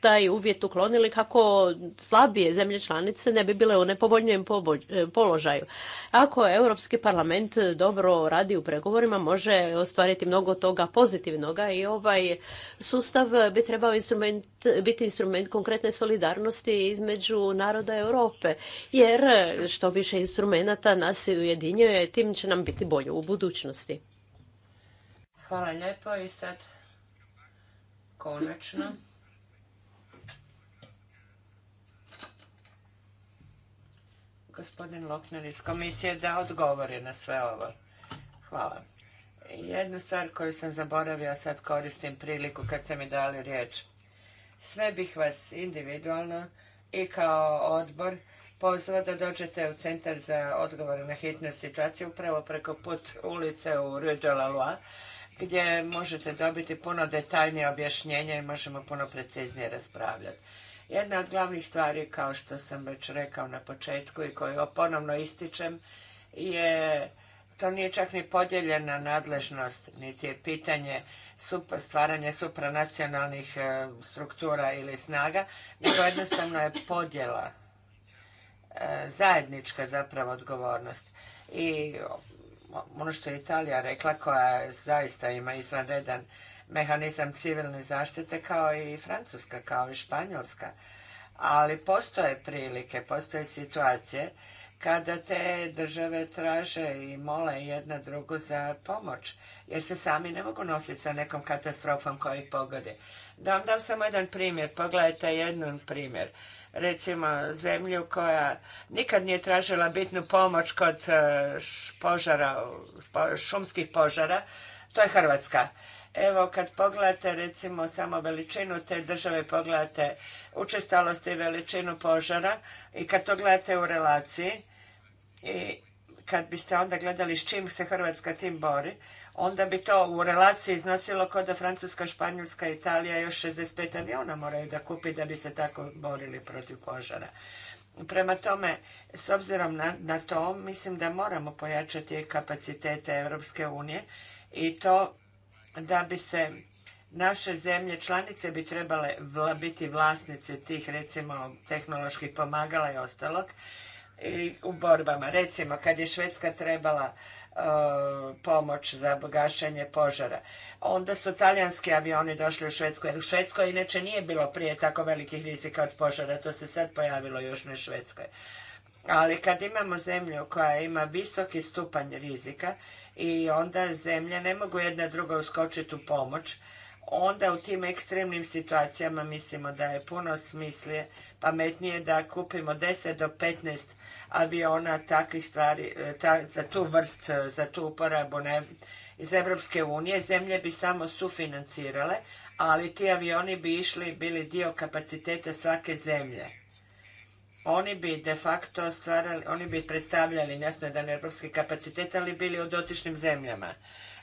taj uvjet uklonili kako slabije zemlje članice ne bi bile u nepovoljnijem e, položaju. Ako Europski parlament dobro radi u pregovorima, može ostvariti mnogo toga pozitivnoga i ovaj sustav bi trebao instrument, biti instrument konkretne solidarnosti između naroda Europe, jer što više instrumenata nas ujedinjuje, tim će nam biti bolje u budućnosti. Hvala lijepo i sad konačno gospodin Lokner iz komisije da odgovori na sve ovo. Hvala. Jednu stvar koju sam zaboravio, sad koristim priliku kad ste mi dali riječ. Sve bih vas individualno i kao odbor pozvao da dođete u Centar za odgovor na hitne situacije upravo preko put ulice u Rue de la Loire, gdje možete dobiti puno detaljnije objašnjenje i možemo puno preciznije raspravljati. Jedna od glavnih stvari, kao što sam već rekao na početku i koju ponovno ističem, je to nije čak ni podijeljena nadležnost, niti je pitanje stvaranja supranacionalnih e, struktura ili snaga, nego jednostavno je podjela, e, zajednička zapravo odgovornost. I ono što je Italija rekla, koja zaista ima izvanredan mehanizam civilne zaštite kao i Francuska, kao i Španjolska. Ali postoje prilike, postoje situacije kada te države traže i mole jedna drugu za pomoć, jer se sami ne mogu nositi sa nekom katastrofom koja ih pogodi. Da vam dam samo jedan primjer, pogledajte jedan primjer. Recimo zemlju koja nikad nije tražila bitnu pomoć kod e, požara, šumskih požara, to je Hrvatska. Evo, kad pogledate recimo samo veličinu te države, pogledate učestalost i veličinu požara i kad to gledate u relaciji i kad biste onda gledali s čim se Hrvatska tim bori, onda bi to u relaciji iznosilo kao da Francuska, Španjolska, Italija još 65 aviona moraju da kupi da bi se tako borili protiv požara. Prema tome, s obzirom na, na to, mislim da moramo pojačati kapacitete Europske unije i to da bi se naše zemlje članice bi trebale biti vlasnici tih recimo tehnoloških pomagala i ostalog i u borbama. Recimo kad je Švedska trebala e, pomoć za gašenje požara, onda su talijanski avioni došli u Švedsku jer u Švedskoj inače nije bilo prije tako velikih rizika od požara, to se sad pojavilo još na Švedskoj. Ali kad imamo zemlju koja ima visoki stupanj rizika i onda zemlje ne mogu jedna druga uskočiti u pomoć, onda u tim ekstremnim situacijama mislimo da je puno smislije, pametnije da kupimo 10 do 15 aviona takvih stvari, e, za tu vrst, e, za tu uporabu ne, iz Europske unije. Zemlje bi samo sufinancirale, ali ti avioni bi išli, bili dio kapaciteta svake zemlje oni bi de facto stvarali, oni bi predstavljali, jasno da europski kapacitet, ali bili u dotičnim zemljama,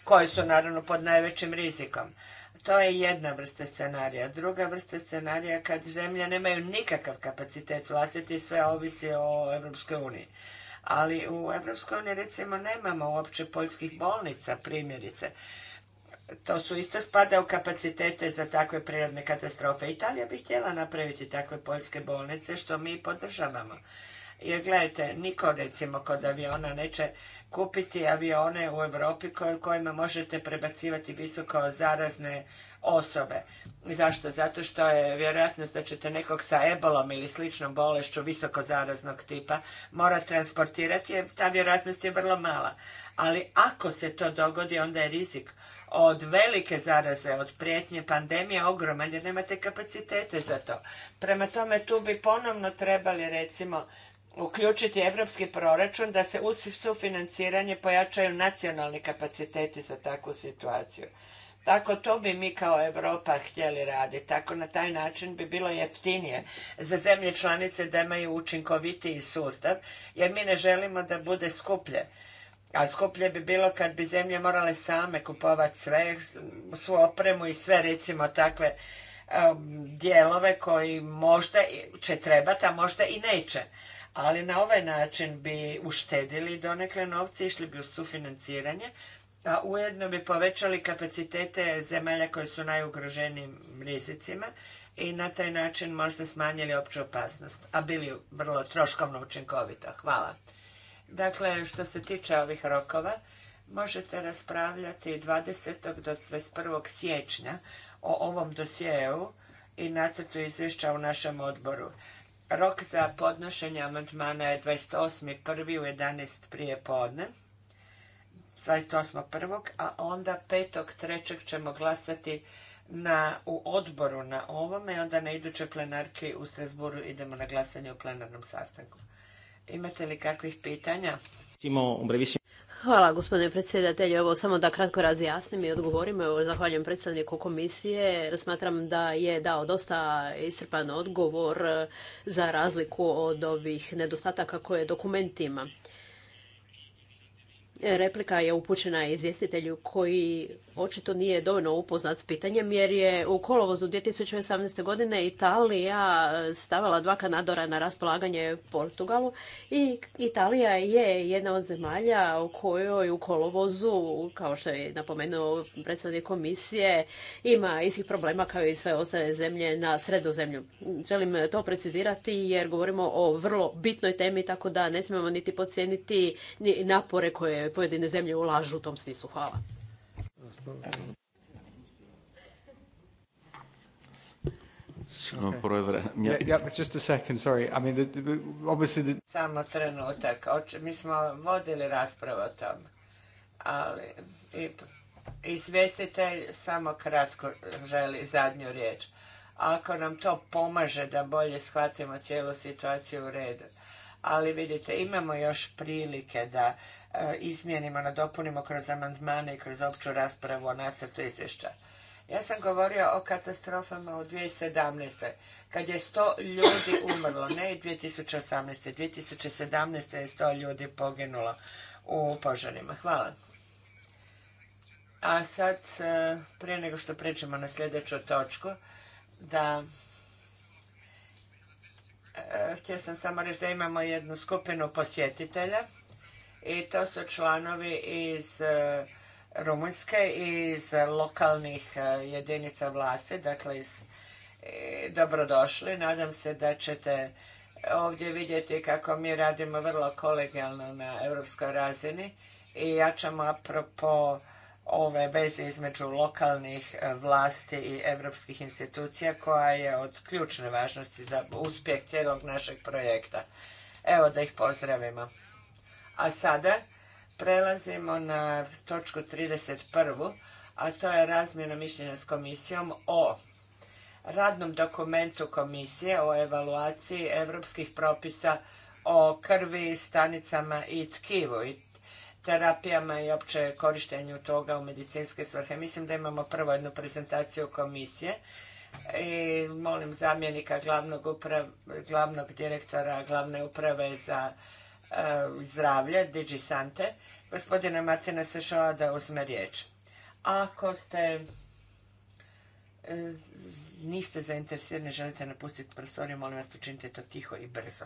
koje su naravno pod najvećim rizikom. To je jedna vrsta scenarija. Druga vrsta scenarija kad zemlje nemaju nikakav kapacitet vlastiti, sve ovisi o Europskoj uniji. Ali u Europskoj uniji recimo nemamo uopće poljskih bolnica primjerice to su isto spada u kapacitete za takve prirodne katastrofe. Italija bi htjela napraviti takve poljske bolnice što mi podržavamo. Jer gledajte, niko recimo kod aviona neće kupiti avione u Europi kojima možete prebacivati visoko zarazne osobe. Zašto? Zato što je vjerojatnost da ćete nekog sa ebolom ili sličnom bolešću visoko zaraznog tipa morati transportirati, jer ta vjerojatnost je vrlo mala. Ali ako se to dogodi, onda je rizik od velike zaraze, od prijetnje pandemije ogroman, jer nemate kapacitete za to. Prema tome, tu bi ponovno trebali, recimo, uključiti europski proračun da se uz sufinanciranje pojačaju nacionalni kapaciteti za takvu situaciju. Tako to bi mi kao Europa htjeli raditi. Tako na taj način bi bilo jeftinije za zemlje članice da imaju učinkovitiji sustav, jer mi ne želimo da bude skuplje. A skuplje bi bilo kad bi zemlje morale same kupovati sve, svu opremu i sve recimo takve dijelove koji možda će trebati, a možda i neće. Ali na ovaj način bi uštedili donekle novci, išli bi u sufinanciranje, a ujedno bi povećali kapacitete zemalja koje su najugroženijim rizicima i na taj način možda smanjili opću opasnost, a bili vrlo troškovno učinkovito. Hvala. Dakle, što se tiče ovih rokova, možete raspravljati 20. do 21. siječnja o ovom dosjeu i nacrtu izvješća u našem odboru. Rok za podnošenje amandmana je 28.1. u 11. prije 28.1. a onda 5.3. ćemo glasati na, u odboru na ovome i onda na idućoj plenarki u Strasburu idemo na glasanje u plenarnom sastanku. Imate li kakvih pitanja? Hvala gospodine predsjedatelju. Evo samo da kratko razjasnim i odgovorim. Evo, zahvaljujem predstavniku komisije. Smatram da je dao dosta iscrpan odgovor za razliku od ovih nedostataka koje dokument ima. Replika je upućena izvjestitelju koji očito nije dovoljno upoznat s pitanjem jer je u kolovozu 2018. godine Italija e, stavila dva kanadora na raspolaganje Portugalu i Italija je jedna od zemalja u kojoj u kolovozu, kao što je napomenuo predstavnik komisije, ima istih problema kao i sve ostale zemlje na sredozemlju. Želim to precizirati jer govorimo o vrlo bitnoj temi, tako da ne smijemo niti podcijeniti napore koje pojedine zemlje ulažu u tom smislu. Hvala. Samo trenutak. Mi smo vodili raspravu o tome. Ali izvjestitelj samo kratko želi zadnju riječ. Ako nam to pomaže da bolje shvatimo cijelu situaciju u redu ali vidite imamo još prilike da e, izmijenimo, nadopunimo kroz amandmane i kroz opću raspravu o nacrtu izvješća. Ja sam govorio o katastrofama u 2017. kad je 100 ljudi umrlo, ne 2018. 2017. je 100 ljudi poginulo u požarima. Hvala. A sad, e, prije nego što pričamo na sljedeću točku, da E, htio sam samo reći da imamo jednu skupinu posjetitelja i to su članovi iz e, Rumunjske i iz lokalnih e, jedinica vlasti, dakle iz, dobrodošli. Nadam se da ćete ovdje vidjeti kako mi radimo vrlo kolegijalno na europskoj razini i jačamo apropo ove veze između lokalnih e, vlasti i europskih institucija koja je od ključne važnosti za uspjeh cijelog našeg projekta. Evo da ih pozdravimo. A sada prelazimo na točku 31. a to je razmjena mišljenja s komisijom o radnom dokumentu komisije o evaluaciji europskih propisa o krvi, stanicama i tkivu terapijama i opće korištenju toga u medicinske svrhe. Mislim da imamo prvo jednu prezentaciju komisije i molim zamjenika glavnog, direktora glavne uprave za e, zdravlje, Digi Sante, gospodina Martina Sešoa da uzme riječ. Ako ste e, niste zainteresirani, želite napustiti prostoriju, molim vas učinite to tiho i brzo.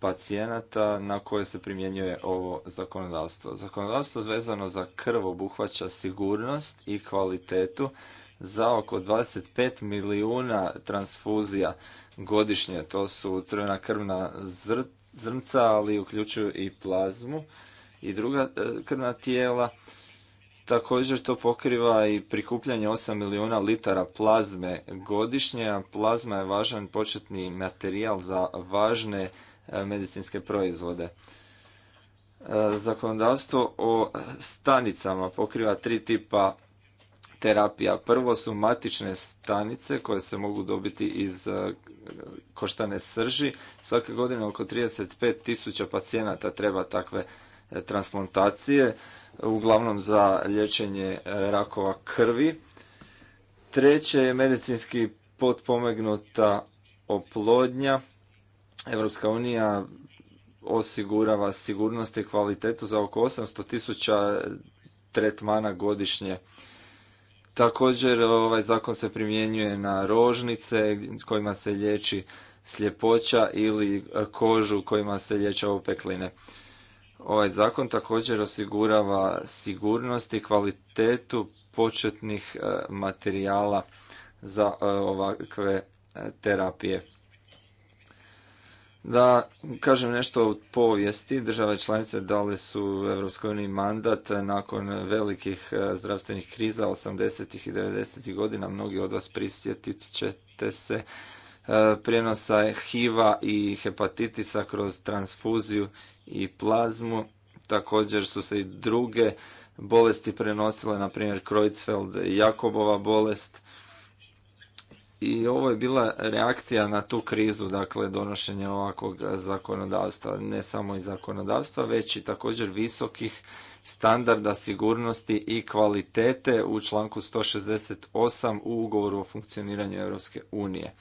pacijenata na koje se primjenjuje ovo zakonodavstvo. Zakonodavstvo vezano za krv obuhvaća sigurnost i kvalitetu za oko 25 milijuna transfuzija godišnje. To su crvena krvna zrnca, ali uključuju i plazmu i druga e, krvna tijela. Također to pokriva i prikupljanje 8 milijuna litara plazme godišnje, plazma je važan početni materijal za važne E, medicinske proizvode. E, zakonodavstvo o stanicama pokriva tri tipa terapija. Prvo su matične stanice koje se mogu dobiti iz e, koštane srži. Svake godine oko 35 tisuća pacijenata treba takve transplantacije, uglavnom za liječenje rakova krvi. Treće je medicinski potpomegnuta oplodnja Evropska unija osigurava sigurnost i kvalitetu za oko 800 tisuća tretmana godišnje. Također ovaj zakon se primjenjuje na rožnice kojima se liječi sljepoća ili kožu kojima se liječe opekline. Ovaj zakon također osigurava sigurnost i kvalitetu početnih eh, materijala za eh, ovakve eh, terapije. Da kažem nešto o povijesti, države članice dale su EU mandat nakon velikih e, zdravstvenih kriza 80. i 90. godina. Mnogi od vas prisjetit ćete se e, prijenosa HIV-a i hepatitisa kroz transfuziju i plazmu. Također su se i druge bolesti prenosile, na primjer Kreutzfeld, Jakobova bolest i ovo je bila reakcija na tu krizu, dakle donošenje ovakvog zakonodavstva, ne samo i zakonodavstva, već i također visokih standarda sigurnosti i kvalitete u članku 168 u ugovoru o funkcioniranju Europske unije.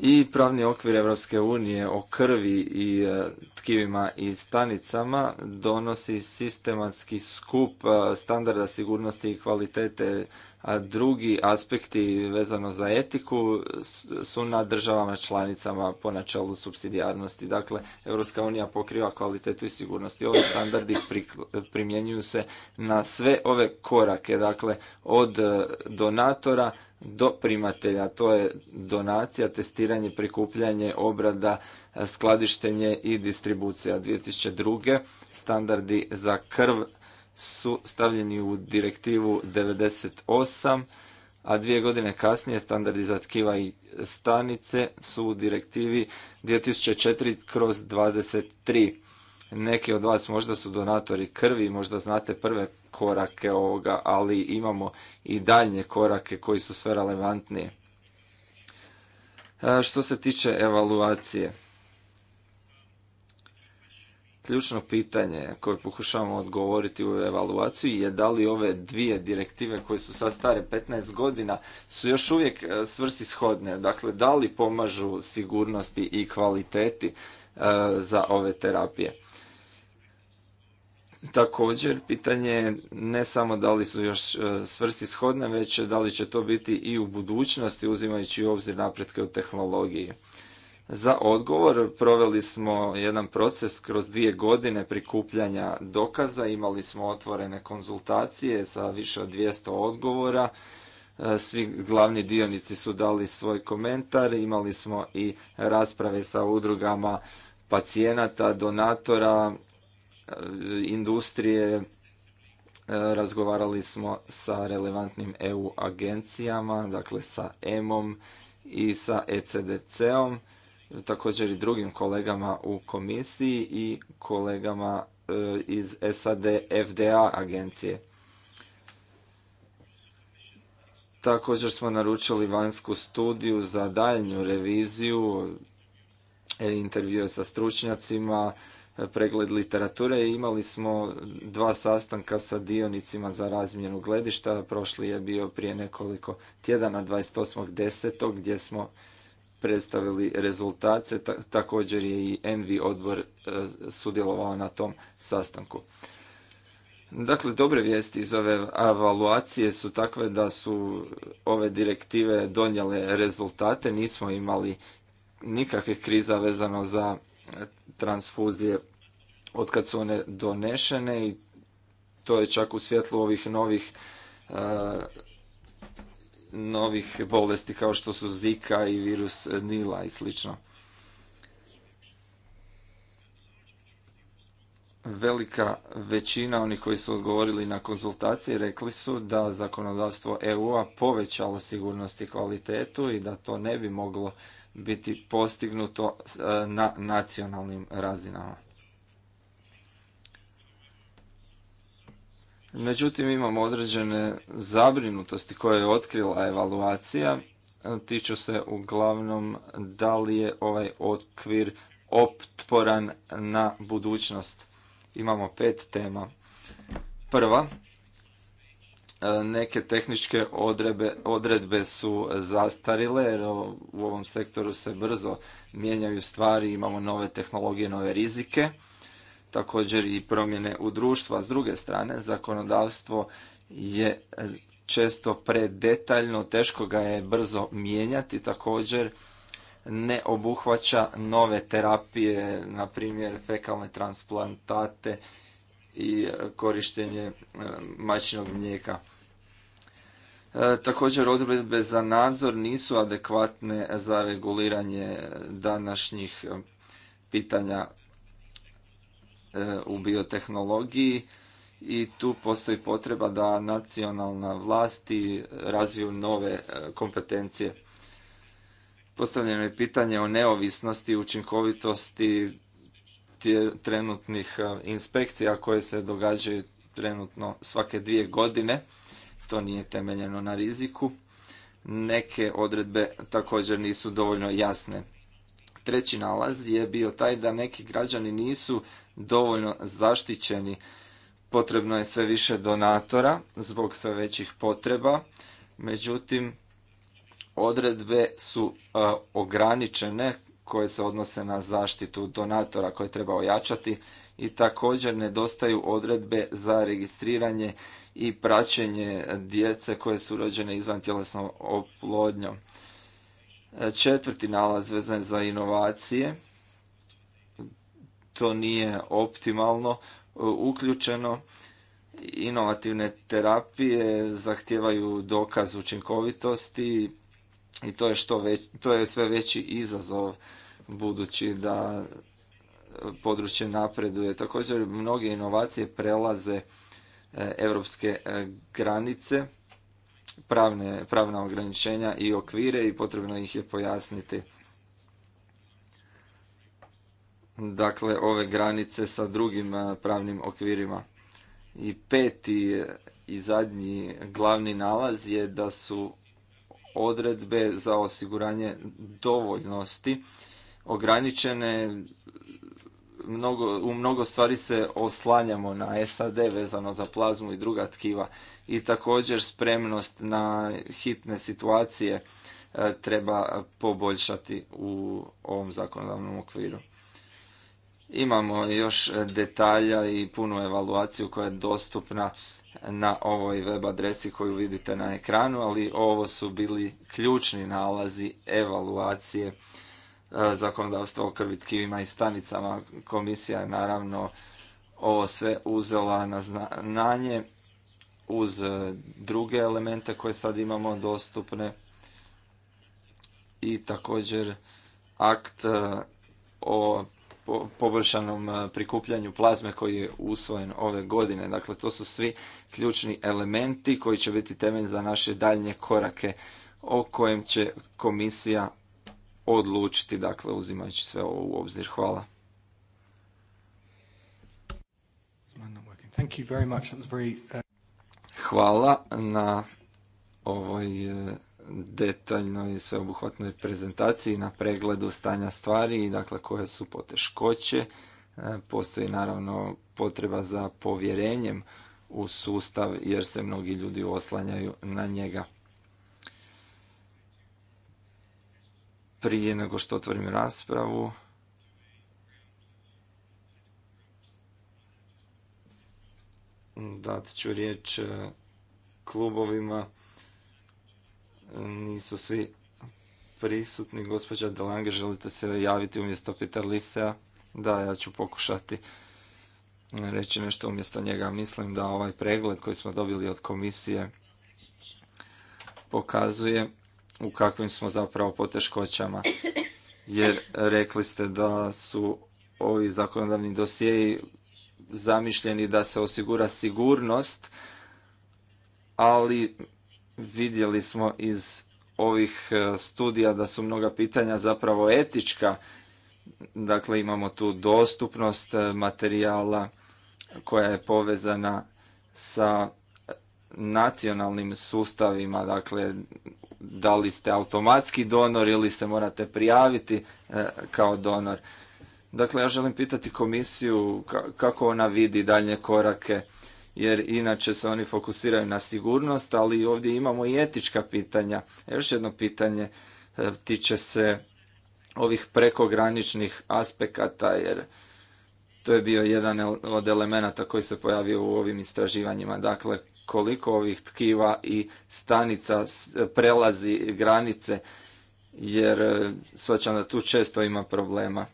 i pravni okvir Europske unije o krvi i e, tkivima i stanicama donosi sistematski skup e, standarda sigurnosti i kvalitete a drugi aspekti vezano za etiku su na državama članicama po načelu subsidijarnosti. Dakle, Europska unija pokriva kvalitetu i sigurnosti. ovi standardi primjenjuju se na sve ove korake, dakle od e, donatora do primatelja, to je donacija, testiranje, prikupljanje, obrada, skladištenje i distribucija. 2002. standardi za krv su stavljeni u direktivu 98, a dvije godine kasnije standardi za tkiva i stanice su u direktivi 2004 kroz 23. Neki od vas možda su donatori krvi, možda znate prve korake ovoga, ali imamo i daljnje korake koji su sve relevantnije. Što se tiče evaluacije, Ključno pitanje koje pokušavamo odgovoriti u evaluaciji je da li ove dvije direktive koje su sad stare 15 godina su još uvijek e, svrsishodne, dakle da li pomažu sigurnosti i kvaliteti e, za ove terapije. Također, pitanje je ne samo da li su još e, svrsishodne, već da li će to biti i u budućnosti uzimajući u obzir napretke u tehnologiji za odgovor. Proveli smo jedan proces kroz dvije godine prikupljanja dokaza, imali smo otvorene konzultacije sa više od 200 odgovora. E, svi glavni dionici su dali svoj komentar, imali smo i rasprave sa udrugama pacijenata, donatora, e, industrije, e, razgovarali smo sa relevantnim EU agencijama, dakle sa EMOM i sa ECDC-om također i drugim kolegama u komisiji i kolegama e, iz SAD FDA agencije. Također smo naručili vanjsku studiju za daljnju reviziju, e, intervjue sa stručnjacima, e, pregled literature i imali smo dva sastanka sa dionicima za razmjenu gledišta. Prošli je bio prije nekoliko tjedana, 28.10. gdje smo predstavili rezultate, također je i Envi odbor e, sudjelovao na tom sastanku. Dakle, dobre vijesti iz ove evaluacije su takve da su ove direktive donijele rezultate, nismo imali nikakve kriza vezano za transfuzije od su one donešene i to je čak u svjetlu ovih novih e, novih bolesti kao što su Zika i virus Nila i slično. Velika većina onih koji su odgovorili na konzultacije rekli su da zakonodavstvo EU-a povećalo sigurnost i kvalitetu i da to ne bi moglo biti postignuto e, na nacionalnim razinama. Međutim, imamo određene zabrinutosti koje je otkrila evaluacija. Tiču se uglavnom da li je ovaj okvir optporan na budućnost. Imamo pet tema. Prva, neke tehničke odredbe su zastarile jer u ovom sektoru se brzo mijenjaju stvari, imamo nove tehnologije, nove rizike također i promjene u društvu, s druge strane zakonodavstvo je e, često predetaljno, teško ga je brzo mijenjati, također ne obuhvaća nove terapije, na primjer fekalne transplantate i e, korištenje e, majčinog mlijeka. Također odredbe za nadzor nisu adekvatne za reguliranje današnjih pitanja E, u biotehnologiji i tu postoji potreba da nacionalna vlasti razviju nove e, kompetencije. Postavljeno je pitanje o neovisnosti i učinkovitosti trenutnih e, inspekcija koje se događaju trenutno svake dvije godine. To nije temeljeno na riziku. Neke odredbe također nisu dovoljno jasne. Treći nalaz je bio taj da neki građani nisu dovoljno zaštićeni. Potrebno je sve više donatora zbog sve većih potreba, međutim odredbe su e, ograničene koje se odnose na zaštitu donatora koje treba ojačati i također nedostaju odredbe za registriranje i praćenje djece koje su rođene izvan tjelesnom oplodnjom. E, četvrti nalaz vezan za inovacije to nije optimalno e, uključeno. Inovativne terapije zahtijevaju dokaz učinkovitosti i to je, što već, to je sve veći izazov budući da područje napreduje. Također mnoge inovacije prelaze europske e, granice, pravne, pravna ograničenja i okvire i potrebno ih je pojasniti dakle ove granice sa drugim e, pravnim okvirima. I peti i zadnji glavni nalaz je da su odredbe za osiguranje dovoljnosti ograničene u mnogo stvari se oslanjamo na SAD vezano za plazmu i druga tkiva i također spremnost na hitne situacije e, treba poboljšati u ovom zakonodavnom okviru. Imamo još detalja i punu evaluaciju koja je dostupna na ovoj web adresi koju vidite na ekranu, ali ovo su bili ključni nalazi evaluacije e, zakonodavstva o krvitkivima i stanicama. Komisija je naravno ovo sve uzela na znanje uz e, druge elemente koje sad imamo dostupne i također akt e, o poboljšanom e, prikupljanju plazme koji je usvojen ove godine. Dakle, to su svi ključni elementi koji će biti temelj za naše daljnje korake o kojem će komisija odlučiti, dakle, uzimajući sve ovo u obzir. Hvala. Uh, Hvala na ovoj e, detaljnoj i sveobuhvatnoj prezentaciji na pregledu stanja stvari i dakle koje su poteškoće. E, postoji naravno potreba za povjerenjem u sustav jer se mnogi ljudi oslanjaju na njega. Prije nego što otvorim raspravu, dat ću riječ e, klubovima nisu svi prisutni. Gospođa Delange, želite se javiti umjesto Peter Lisea? Da, ja ću pokušati reći nešto umjesto njega. Mislim da ovaj pregled koji smo dobili od komisije pokazuje u kakvim smo zapravo poteškoćama. Jer rekli ste da su ovi zakonodavni dosijeji zamišljeni da se osigura sigurnost, ali vidjeli smo iz ovih e, studija da su mnoga pitanja zapravo etička. Dakle, imamo tu dostupnost e, materijala koja je povezana sa nacionalnim sustavima, dakle, da li ste automatski donor ili se morate prijaviti e, kao donor. Dakle, ja želim pitati komisiju kako ona vidi daljnje korake jer inače se oni fokusiraju na sigurnost, ali ovdje imamo i etička pitanja. E, još jedno pitanje e, tiče se ovih prekograničnih aspekata, jer to je bio jedan od elemenata koji se pojavio u ovim istraživanjima. Dakle, koliko ovih tkiva i stanica e, prelazi granice, jer svačam da tu često ima problema.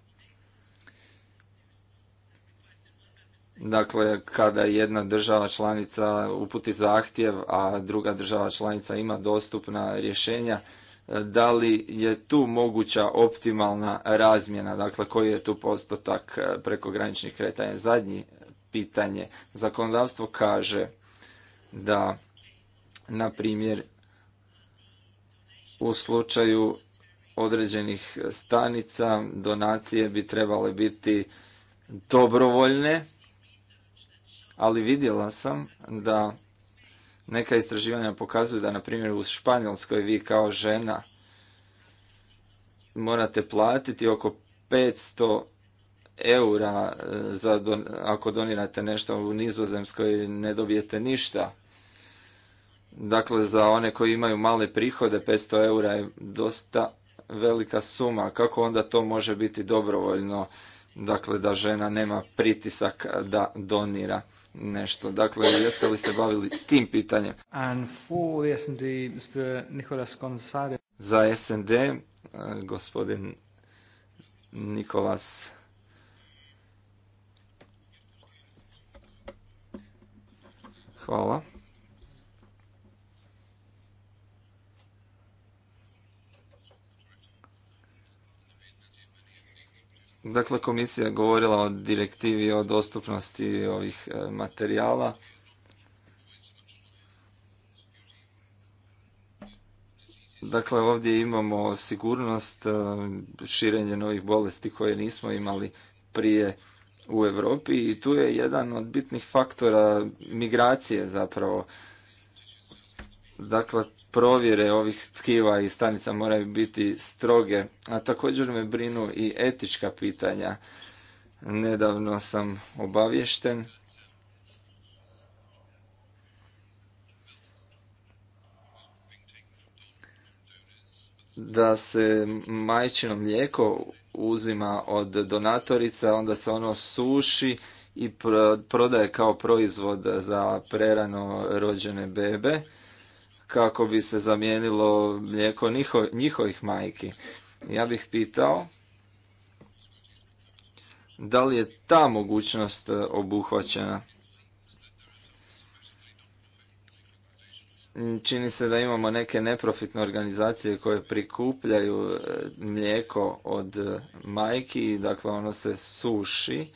Dakle, kada jedna država članica uputi zahtjev, a druga država članica ima dostupna rješenja, e, da li je tu moguća optimalna razmjena, dakle koji je tu postotak e, prekograničnih kretanja. Zadnji pitanje, zakonodavstvo kaže da, na primjer, u slučaju određenih stanica donacije bi trebale biti dobrovoljne, ali vidjela sam da neka istraživanja pokazuju da, na primjer, u Španjolskoj vi kao žena morate platiti oko 500 eura e, za ako donirate nešto u nizozemskoj ne dobijete ništa. Dakle, za one koji imaju male prihode, 500 eura je dosta velika suma. Kako onda to može biti dobrovoljno? Dakle, da žena nema pritisak da donira nešto. Dakle, jeste li se bavili tim pitanjem? And Mr. Za SND, eh, gospodin Nikolas Hvala. Dakle, komisija je govorila o direktivi o dostupnosti ovih e, materijala. Dakle, ovdje imamo sigurnost e, širenje novih bolesti koje nismo imali prije u Europi i tu je jedan od bitnih faktora migracije zapravo. Dakle, provjere ovih tkiva i stanica moraju biti stroge, a također me brinu i etička pitanja. Nedavno sam obavješten da se majčino mlijeko uzima od donatorica, onda se ono suši i prodaje kao proizvod za prerano rođene bebe kako bi se zamijenilo mlijeko njihovih majki. Ja bih pitao da li je ta mogućnost e, obuhvaćena. Mm, čini se da imamo neke neprofitne organizacije koje prikupljaju e, mlijeko od e, majki, dakle ono se suši,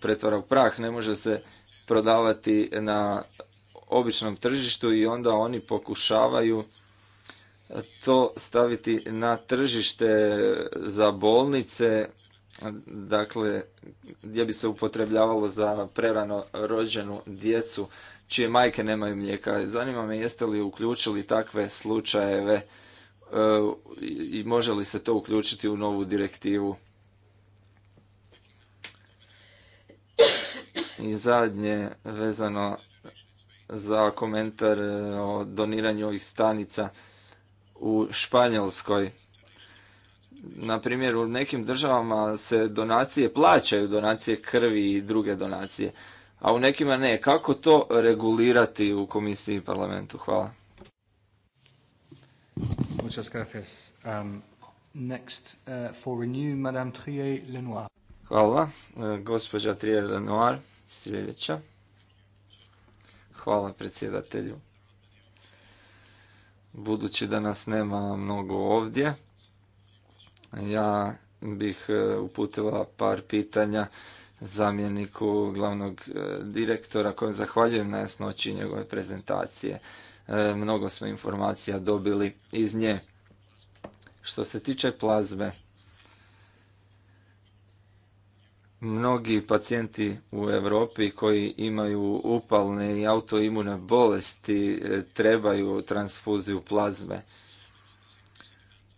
pretvara u prah, ne može se prodavati na običnom tržištu i onda oni pokušavaju to staviti na tržište za bolnice, dakle gdje bi se upotrebljavalo za prerano rođenu djecu čije majke nemaju mlijeka. Zanima me jeste li uključili takve slučajeve e, i može li se to uključiti u novu direktivu. I zadnje vezano za komentar e, o doniranju ovih stanica u Španjolskoj. Na primjer, u nekim državama se donacije plaćaju, donacije krvi i druge donacije, a u nekima ne. Kako to regulirati u komisiji i parlamentu? Hvala. Um, uh, Hvala, e, gospođa Trier-Lenoir, sljedeća. Hvala predsjedatelju. Budući da nas nema mnogo ovdje, ja bih e, uputila par pitanja zamjeniku glavnog e, direktora kojem zahvaljujem na jasnoći njegove prezentacije. E, mnogo smo informacija dobili iz nje. Što se tiče plazme, mnogi pacijenti u Europi koji imaju upalne i autoimune bolesti e, trebaju transfuziju plazme.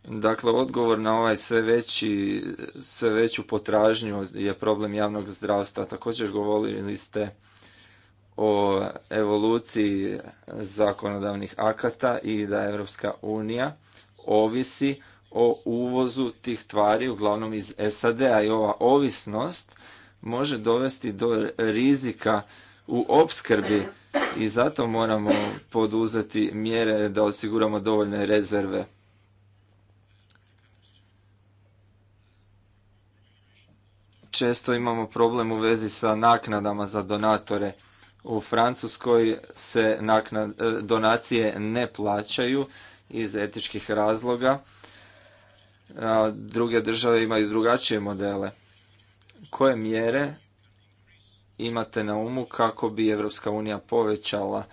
Dakle, odgovor na ovaj sve, veći, sve veću potražnju je problem javnog zdravstva. Također govorili ste o evoluciji zakonodavnih akata i da Europska unija ovisi o uvozu tih tvari, uglavnom iz SAD-a i ova ovisnost može dovesti do rizika u opskrbi i zato moramo poduzeti mjere da osiguramo dovoljne rezerve. Često imamo problem u vezi sa naknadama za donatore. U Francuskoj se donacije ne plaćaju iz etičkih razloga a druge države imaju drugačije modele. Koje mjere imate na umu kako bi Europska unija povećala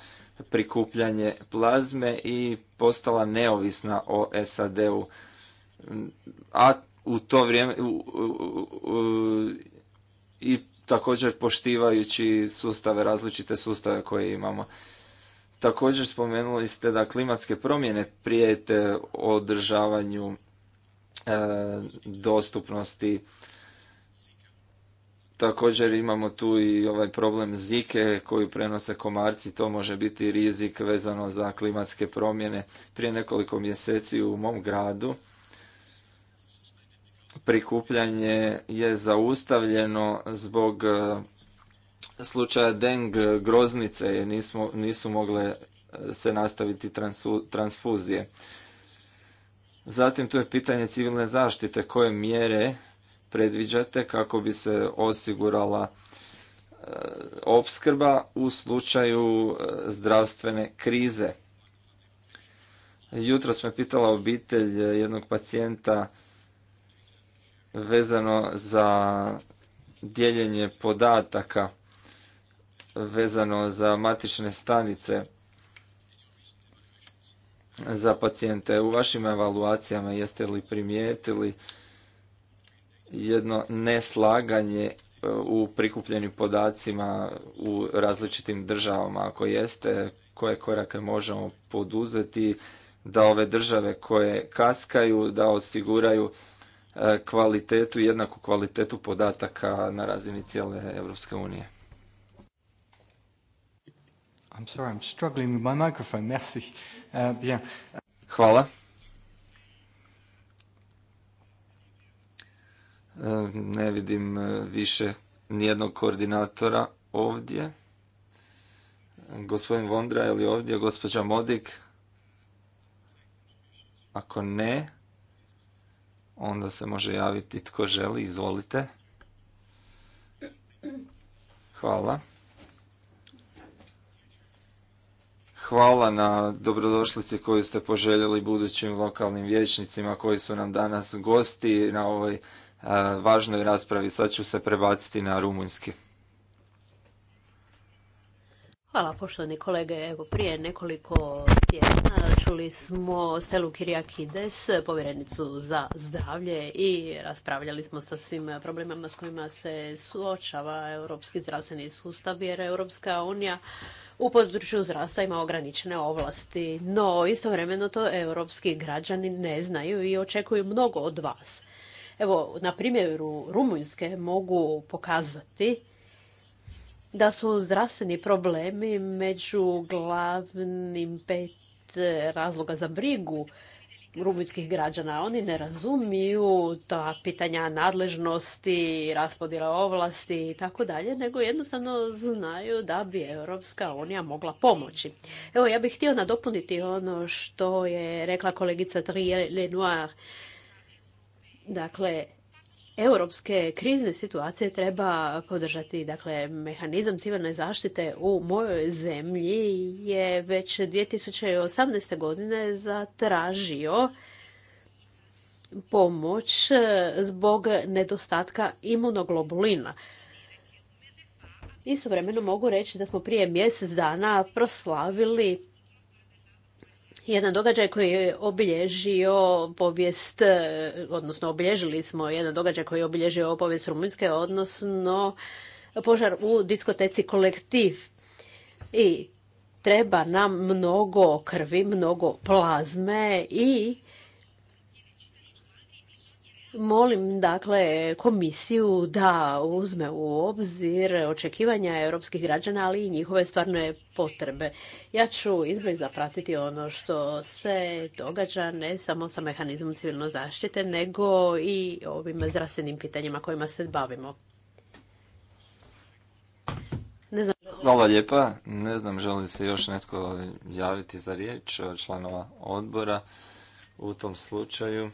prikupljanje plazme i postala neovisna o SAD-u? A u to vrijeme i također poštivajući sustave, različite sustave koje imamo. Također spomenuli ste da klimatske promjene prijete održavanju E, dostupnosti. Također imamo tu i ovaj problem zike koju prenose komarci, to može biti rizik vezano za klimatske promjene. Prije nekoliko mjeseci u mom gradu prikupljanje je zaustavljeno zbog e, slučaja deng groznice, jer nisu mogle e, se nastaviti transfuzije. Zatim tu je pitanje civilne zaštite, koje mjere predviđate kako bi se osigurala e, opskrba u slučaju e, zdravstvene krize. Jutros me pitala obitelj jednog pacijenta vezano za dijeljenje podataka, vezano za matične stanice za pacijente. U vašim evaluacijama jeste li primijetili jedno neslaganje e, u prikupljenim podacima u različitim državama? Ako jeste, koje korake možemo poduzeti da ove države koje kaskaju, da osiguraju e, kvalitetu, jednaku kvalitetu podataka na razini cijele Europske unije? I'm sorry, I'm struggling with my microphone. Hvala. E, ne vidim e, više nijednog koordinatora ovdje. Gospodin Vondra je li ovdje, gospođa Modik? Ako ne, onda se može javiti tko želi, izvolite. Hvala. Hvala na dobrodošlici koju ste poželjeli budućim lokalnim vijećnicima koji su nam danas gosti na ovoj e, važnoj raspravi. Sad ću se prebaciti na rumunjski. Hvala poštovani kolege. Evo prije nekoliko tjedna čuli smo Stelu Kiriakides, povjerenicu za zdravlje i raspravljali smo sa svim problemama s kojima se suočava europski zdravstveni sustav jer Europska unija u području zdravstva ima ograničene ovlasti, no istovremeno to europski građani ne znaju i očekuju mnogo od vas. Evo, na primjeru Rumunjske mogu pokazati da su zdravstveni problemi među glavnim pet razloga za brigu rumunjskih građana. Oni ne razumiju ta pitanja nadležnosti, raspodjela ovlasti i tako dalje, nego jednostavno znaju da bi Europska unija mogla pomoći. Evo, ja bih htio nadopuniti ono što je rekla kolegica Trier Lenoir. Dakle, europske krizne situacije treba podržati. Dakle, mehanizam civilne zaštite u mojoj zemlji je već 2018. godine zatražio pomoć zbog nedostatka imunoglobulina. Istovremeno mogu reći da smo prije mjesec dana proslavili jedan događaj koji je obilježio povijest, e, odnosno obilježili smo jedan događaj koji je obilježio povijest Rumunjske, odnosno požar u diskoteci Kolektiv. I treba nam mnogo krvi, mnogo plazme i Molim dakle komisiju da uzme u obzir očekivanja europskih građana, ali i njihove stvarne potrebe. Ja ću izbliza pratiti ono što se događa ne samo sa mehanizmom civilno zaštite, nego i ovim zdravstvenim pitanjima kojima se bavimo. Ne Hvala lijepa. Ne znam želi se još netko javiti za riječ članova odbora u tom slučaju.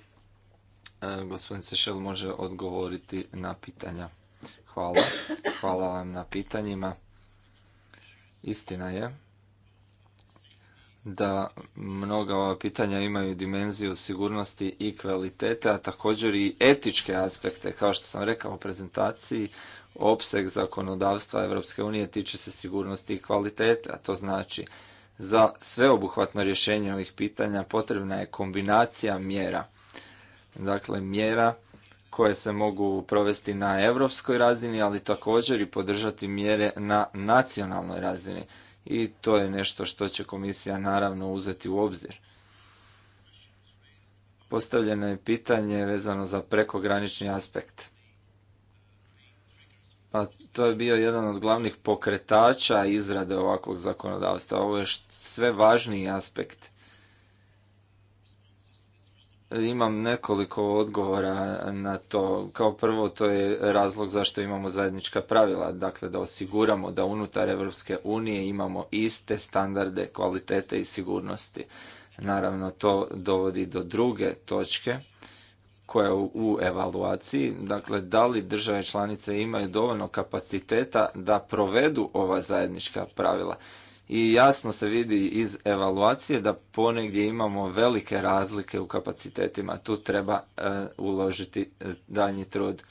E, gospodin Sešel može odgovoriti na pitanja. Hvala. Hvala vam na pitanjima. Istina je da mnoga ova pitanja imaju dimenziju sigurnosti i kvalitete, a također i etičke aspekte. Kao što sam rekao u prezentaciji, opseg zakonodavstva Europske unije tiče se sigurnosti i kvalitete, a to znači za sveobuhvatno rješenje ovih pitanja potrebna je kombinacija mjera – dakle mjera koje se mogu provesti na europskoj razini, ali također i podržati mjere na nacionalnoj razini. I to je nešto što će komisija naravno uzeti u obzir. Postavljeno je pitanje vezano za prekogranični aspekt. Pa to je bio jedan od glavnih pokretača izrade ovakvog zakonodavstva. Ovo je sve važniji aspekt imam nekoliko odgovora na to. Kao prvo, to je razlog zašto imamo zajednička pravila, dakle da osiguramo da unutar Evropske unije imamo iste standarde kvalitete i sigurnosti. Naravno, to dovodi do druge točke koja je u evaluaciji, dakle da li države članice imaju dovoljno kapaciteta da provedu ova zajednička pravila i jasno se vidi iz evaluacije da ponegdje imamo velike razlike u kapacitetima. Tu treba e, uložiti e, daljnji trud.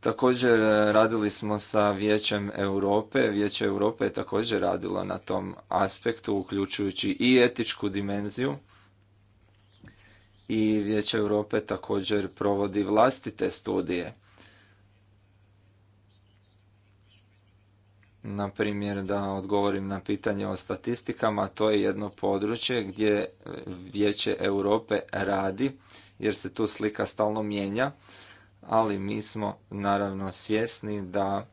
Također e, radili smo sa Vijećem Europe. Vijeće Europe je također radilo na tom aspektu, uključujući i etičku dimenziju. I Vijeće Europe također provodi vlastite studije na primjer da odgovorim na pitanje o statistikama, to je jedno područje gdje Vijeće Europe radi jer se tu slika stalno mijenja, ali mi smo naravno svjesni da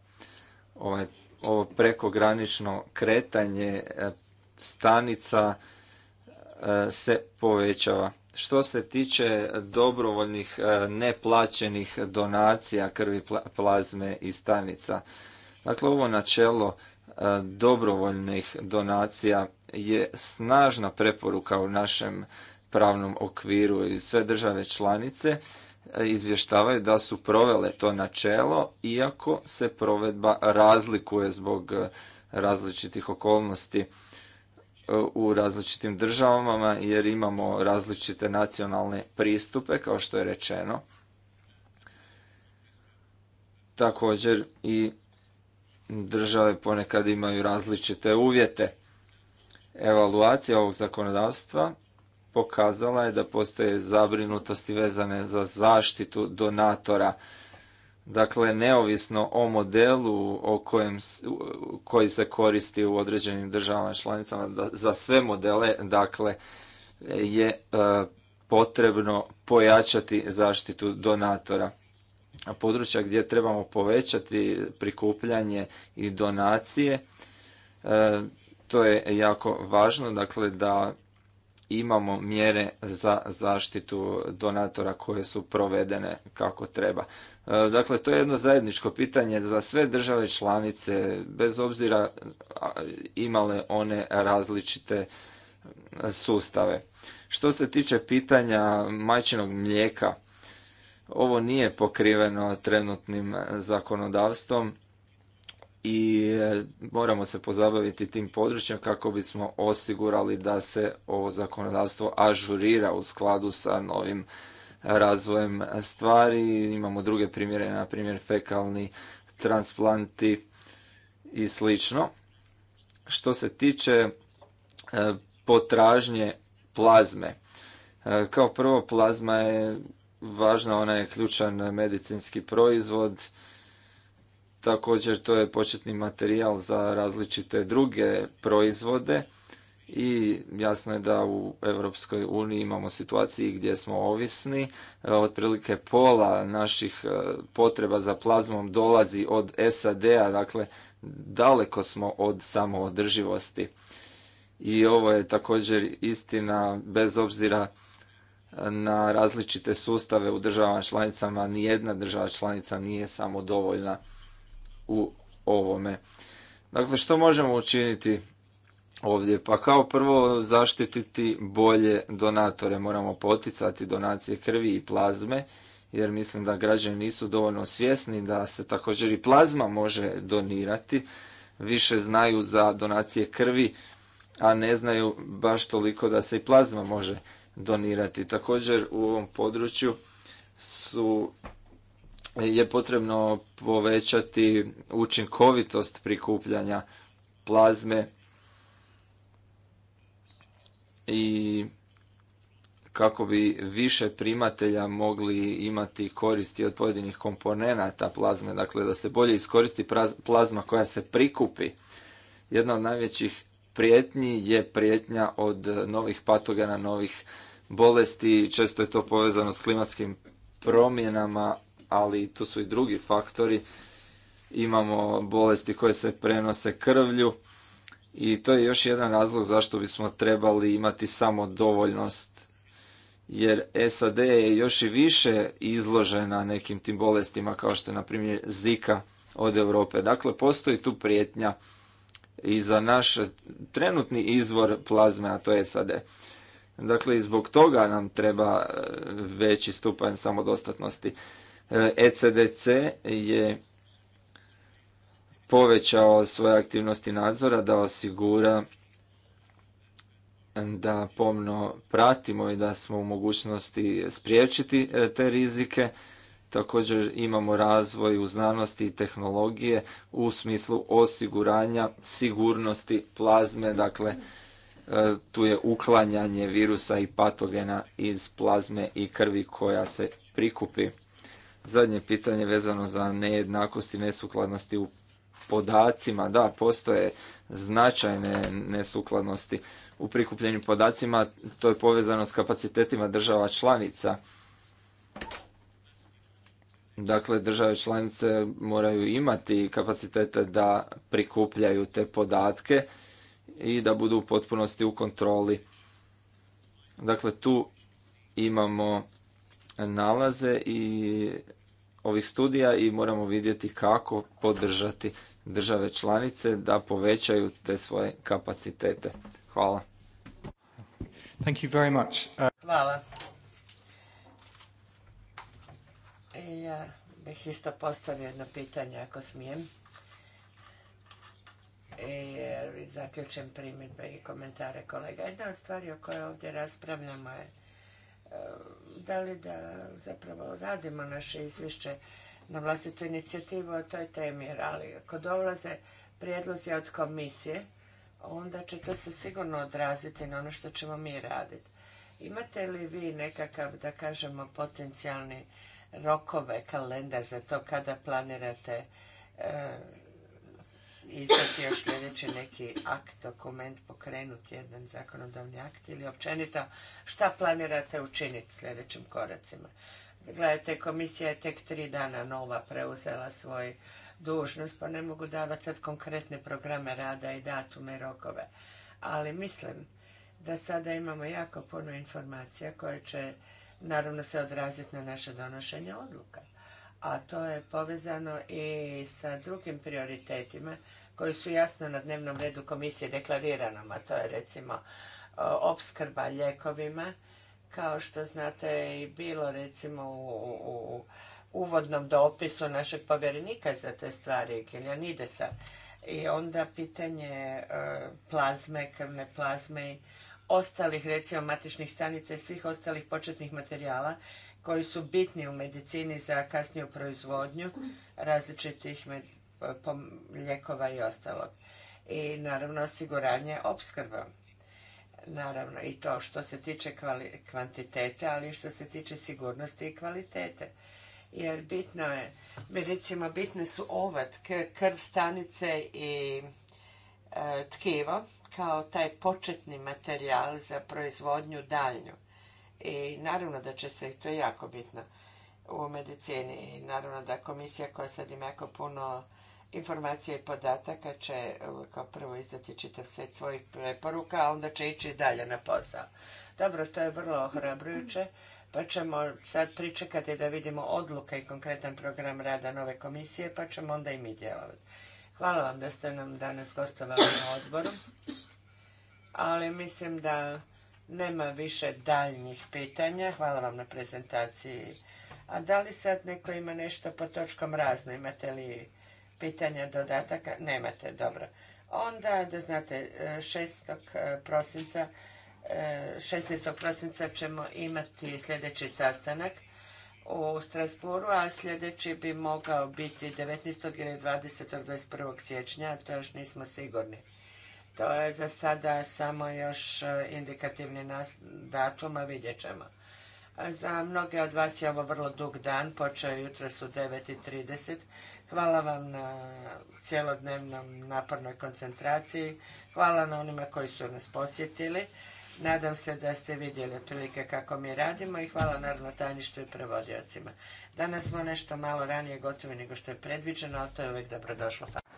ovaj, ovo prekogranično kretanje e, stanica e, se povećava. Što se tiče dobrovoljnih e, neplaćenih donacija krvi plazme i stanica, Dakle, ovo načelo e, dobrovoljnih donacija je snažna preporuka u našem pravnom okviru i sve države članice e, izvještavaju da su provele to načelo, iako se provedba razlikuje zbog e, različitih okolnosti u različitim državama, jer imamo različite nacionalne pristupe, kao što je rečeno. Također i države ponekad imaju različite uvjete. Evaluacija ovog zakonodavstva pokazala je da postoje zabrinutosti vezane za zaštitu donatora. Dakle, neovisno o modelu o kojem, koji se koristi u određenim državama članicama, da, za sve modele, dakle, je e, potrebno pojačati zaštitu donatora područja gdje trebamo povećati prikupljanje i donacije. E, to je jako važno, dakle da imamo mjere za zaštitu donatora koje su provedene kako treba. E, dakle, to je jedno zajedničko pitanje za sve države članice, bez obzira imale one različite sustave. Što se tiče pitanja majčinog mlijeka, ovo nije pokriveno trenutnim zakonodavstvom i e, moramo se pozabaviti tim područjem kako bismo osigurali da se ovo zakonodavstvo ažurira u skladu sa novim razvojem stvari. Imamo druge primjere, na primjer fekalni transplanti i slično. Što se tiče e, potražnje plazme, e, kao prvo plazma je važna, ona je ključan medicinski proizvod. Također to je početni materijal za različite druge proizvode i jasno je da u Europskoj uniji imamo situaciji gdje smo ovisni. E, otprilike pola naših e, potreba za plazmom dolazi od SAD-a, dakle daleko smo od samoodrživosti. I ovo je također istina bez obzira na različite sustave u državama članicama, jedna država članica nije samo dovoljna u ovome. Dakle, što možemo učiniti ovdje? Pa kao prvo zaštititi bolje donatore. Moramo poticati donacije krvi i plazme, jer mislim da građani nisu dovoljno svjesni da se također i plazma može donirati. Više znaju za donacije krvi, a ne znaju baš toliko da se i plazma može donirati donirati. Također u ovom području su je potrebno povećati učinkovitost prikupljanja plazme i kako bi više primatelja mogli imati koristi od pojedinih komponenata plazme, dakle da se bolje iskoristi plazma koja se prikupi. Jedna od najvećih prijetnji je prijetnja od novih patogena, novih bolesti, često je to povezano s klimatskim promjenama, ali tu su i drugi faktori. Imamo bolesti koje se prenose krvlju i to je još jedan razlog zašto bismo trebali imati samo dovoljnost jer SAD je još i više izložena nekim tim bolestima kao što je na primjer Zika od Europe. Dakle, postoji tu prijetnja i za naš trenutni izvor plazme, a to je SAD. Dakle, i zbog toga nam treba e, veći stupanj samodostatnosti. ECDC e je povećao svoje aktivnosti nadzora da osigura da pomno pratimo i da smo u mogućnosti spriječiti e, te rizike. Također imamo razvoj u znanosti i tehnologije u smislu osiguranja sigurnosti plazme, dakle tu je uklanjanje virusa i patogena iz plazme i krvi koja se prikupi. Zadnje pitanje vezano za nejednakosti i nesukladnosti u podacima. Da, postoje značajne nesukladnosti u prikupljenim podacima. To je povezano s kapacitetima država članica. Dakle, države članice moraju imati kapacitete da prikupljaju te podatke i da budu u potpunosti u kontroli. Dakle, tu imamo nalaze i ovih studija i moramo vidjeti kako podržati države članice da povećaju te svoje kapacitete. Hvala. Thank you very much. Uh... Hvala. Ja bih isto postavio jedno pitanje, ako smijem i e, zaključen primjedbe i komentare kolega. Jedna od stvari o kojoj ovdje raspravljamo je e, da li da zapravo radimo naše izvješće na vlastitu inicijativu o toj temi, ali ako dolaze prijedlozi od komisije, onda će to se sigurno odraziti na ono što ćemo mi raditi. Imate li vi nekakav, da kažemo, potencijalni rokove, kalendar za to kada planirate e, izdati još sljedeći neki akt, dokument, pokrenut jedan zakonodavni akt ili općenito šta planirate učiniti sljedećim koracima. Gledajte, komisija je tek tri dana nova preuzela svoj dužnost, pa ne mogu davati sad konkretne programe rada i datume rokove. Ali mislim da sada imamo jako puno informacija koje će naravno se odraziti na naše donošenje odluka. A to je povezano i sa drugim prioritetima koji su jasno na dnevnom redu komisije deklariranom a to je recimo opskrba ljekovima. Kao što znate je i bilo recimo u, uvodnom dopisu našeg povjerenika za te stvari, Kiljanidesa. I onda pitanje e, plazme, krvne plazme i ostalih recimo matičnih stanica i svih ostalih početnih materijala koji su bitni u medicini za kasniju proizvodnju različitih lijekova i ostalog. I naravno osiguranje opskrba. Naravno i to što se tiče kvantitete, ali i što se tiče sigurnosti i kvalitete. Jer bitno je, recimo bitne su ovat, krv stanice i e, tkivo kao taj početni materijal za proizvodnju daljnju. I naravno da će se, to je jako bitno u medicini. I naravno da komisija koja sad ima jako puno informacija i podataka će kao prvo izdati čitav set svojih preporuka, a onda će ići dalje na posao. Dobro, to je vrlo ohrabrujuće, pa ćemo sad pričekati da vidimo odluke i konkretan program rada nove komisije, pa ćemo onda i mi djelovati. Hvala vam da ste nam danas gostovali na odboru, ali mislim da nema više daljnjih pitanja. Hvala vam na prezentaciji. A da li sad neko ima nešto po točkom razno? Imate li pitanja, dodataka? Nemate, dobro. Onda, da znate, 6. E, prosinca, 16. E, prosinca ćemo imati sljedeći sastanak u Strasburu, a sljedeći bi mogao biti 19. ili 20. 21. siječnja, to još nismo sigurni. To je za sada samo još e, indikativni datum, a vidjet ćemo. Za mnoge od vas je ovo vrlo dug dan, počeo je jutros u 9.30. Hvala vam na cijelodnevnom napornoj koncentraciji. Hvala na onima koji su nas posjetili. Nadam se da ste vidjeli otprilike kako mi radimo i hvala naravno tajništvu i prevodiocima. Danas smo nešto malo ranije gotovi nego što je predviđeno, ali to je uvijek dobrodošlo.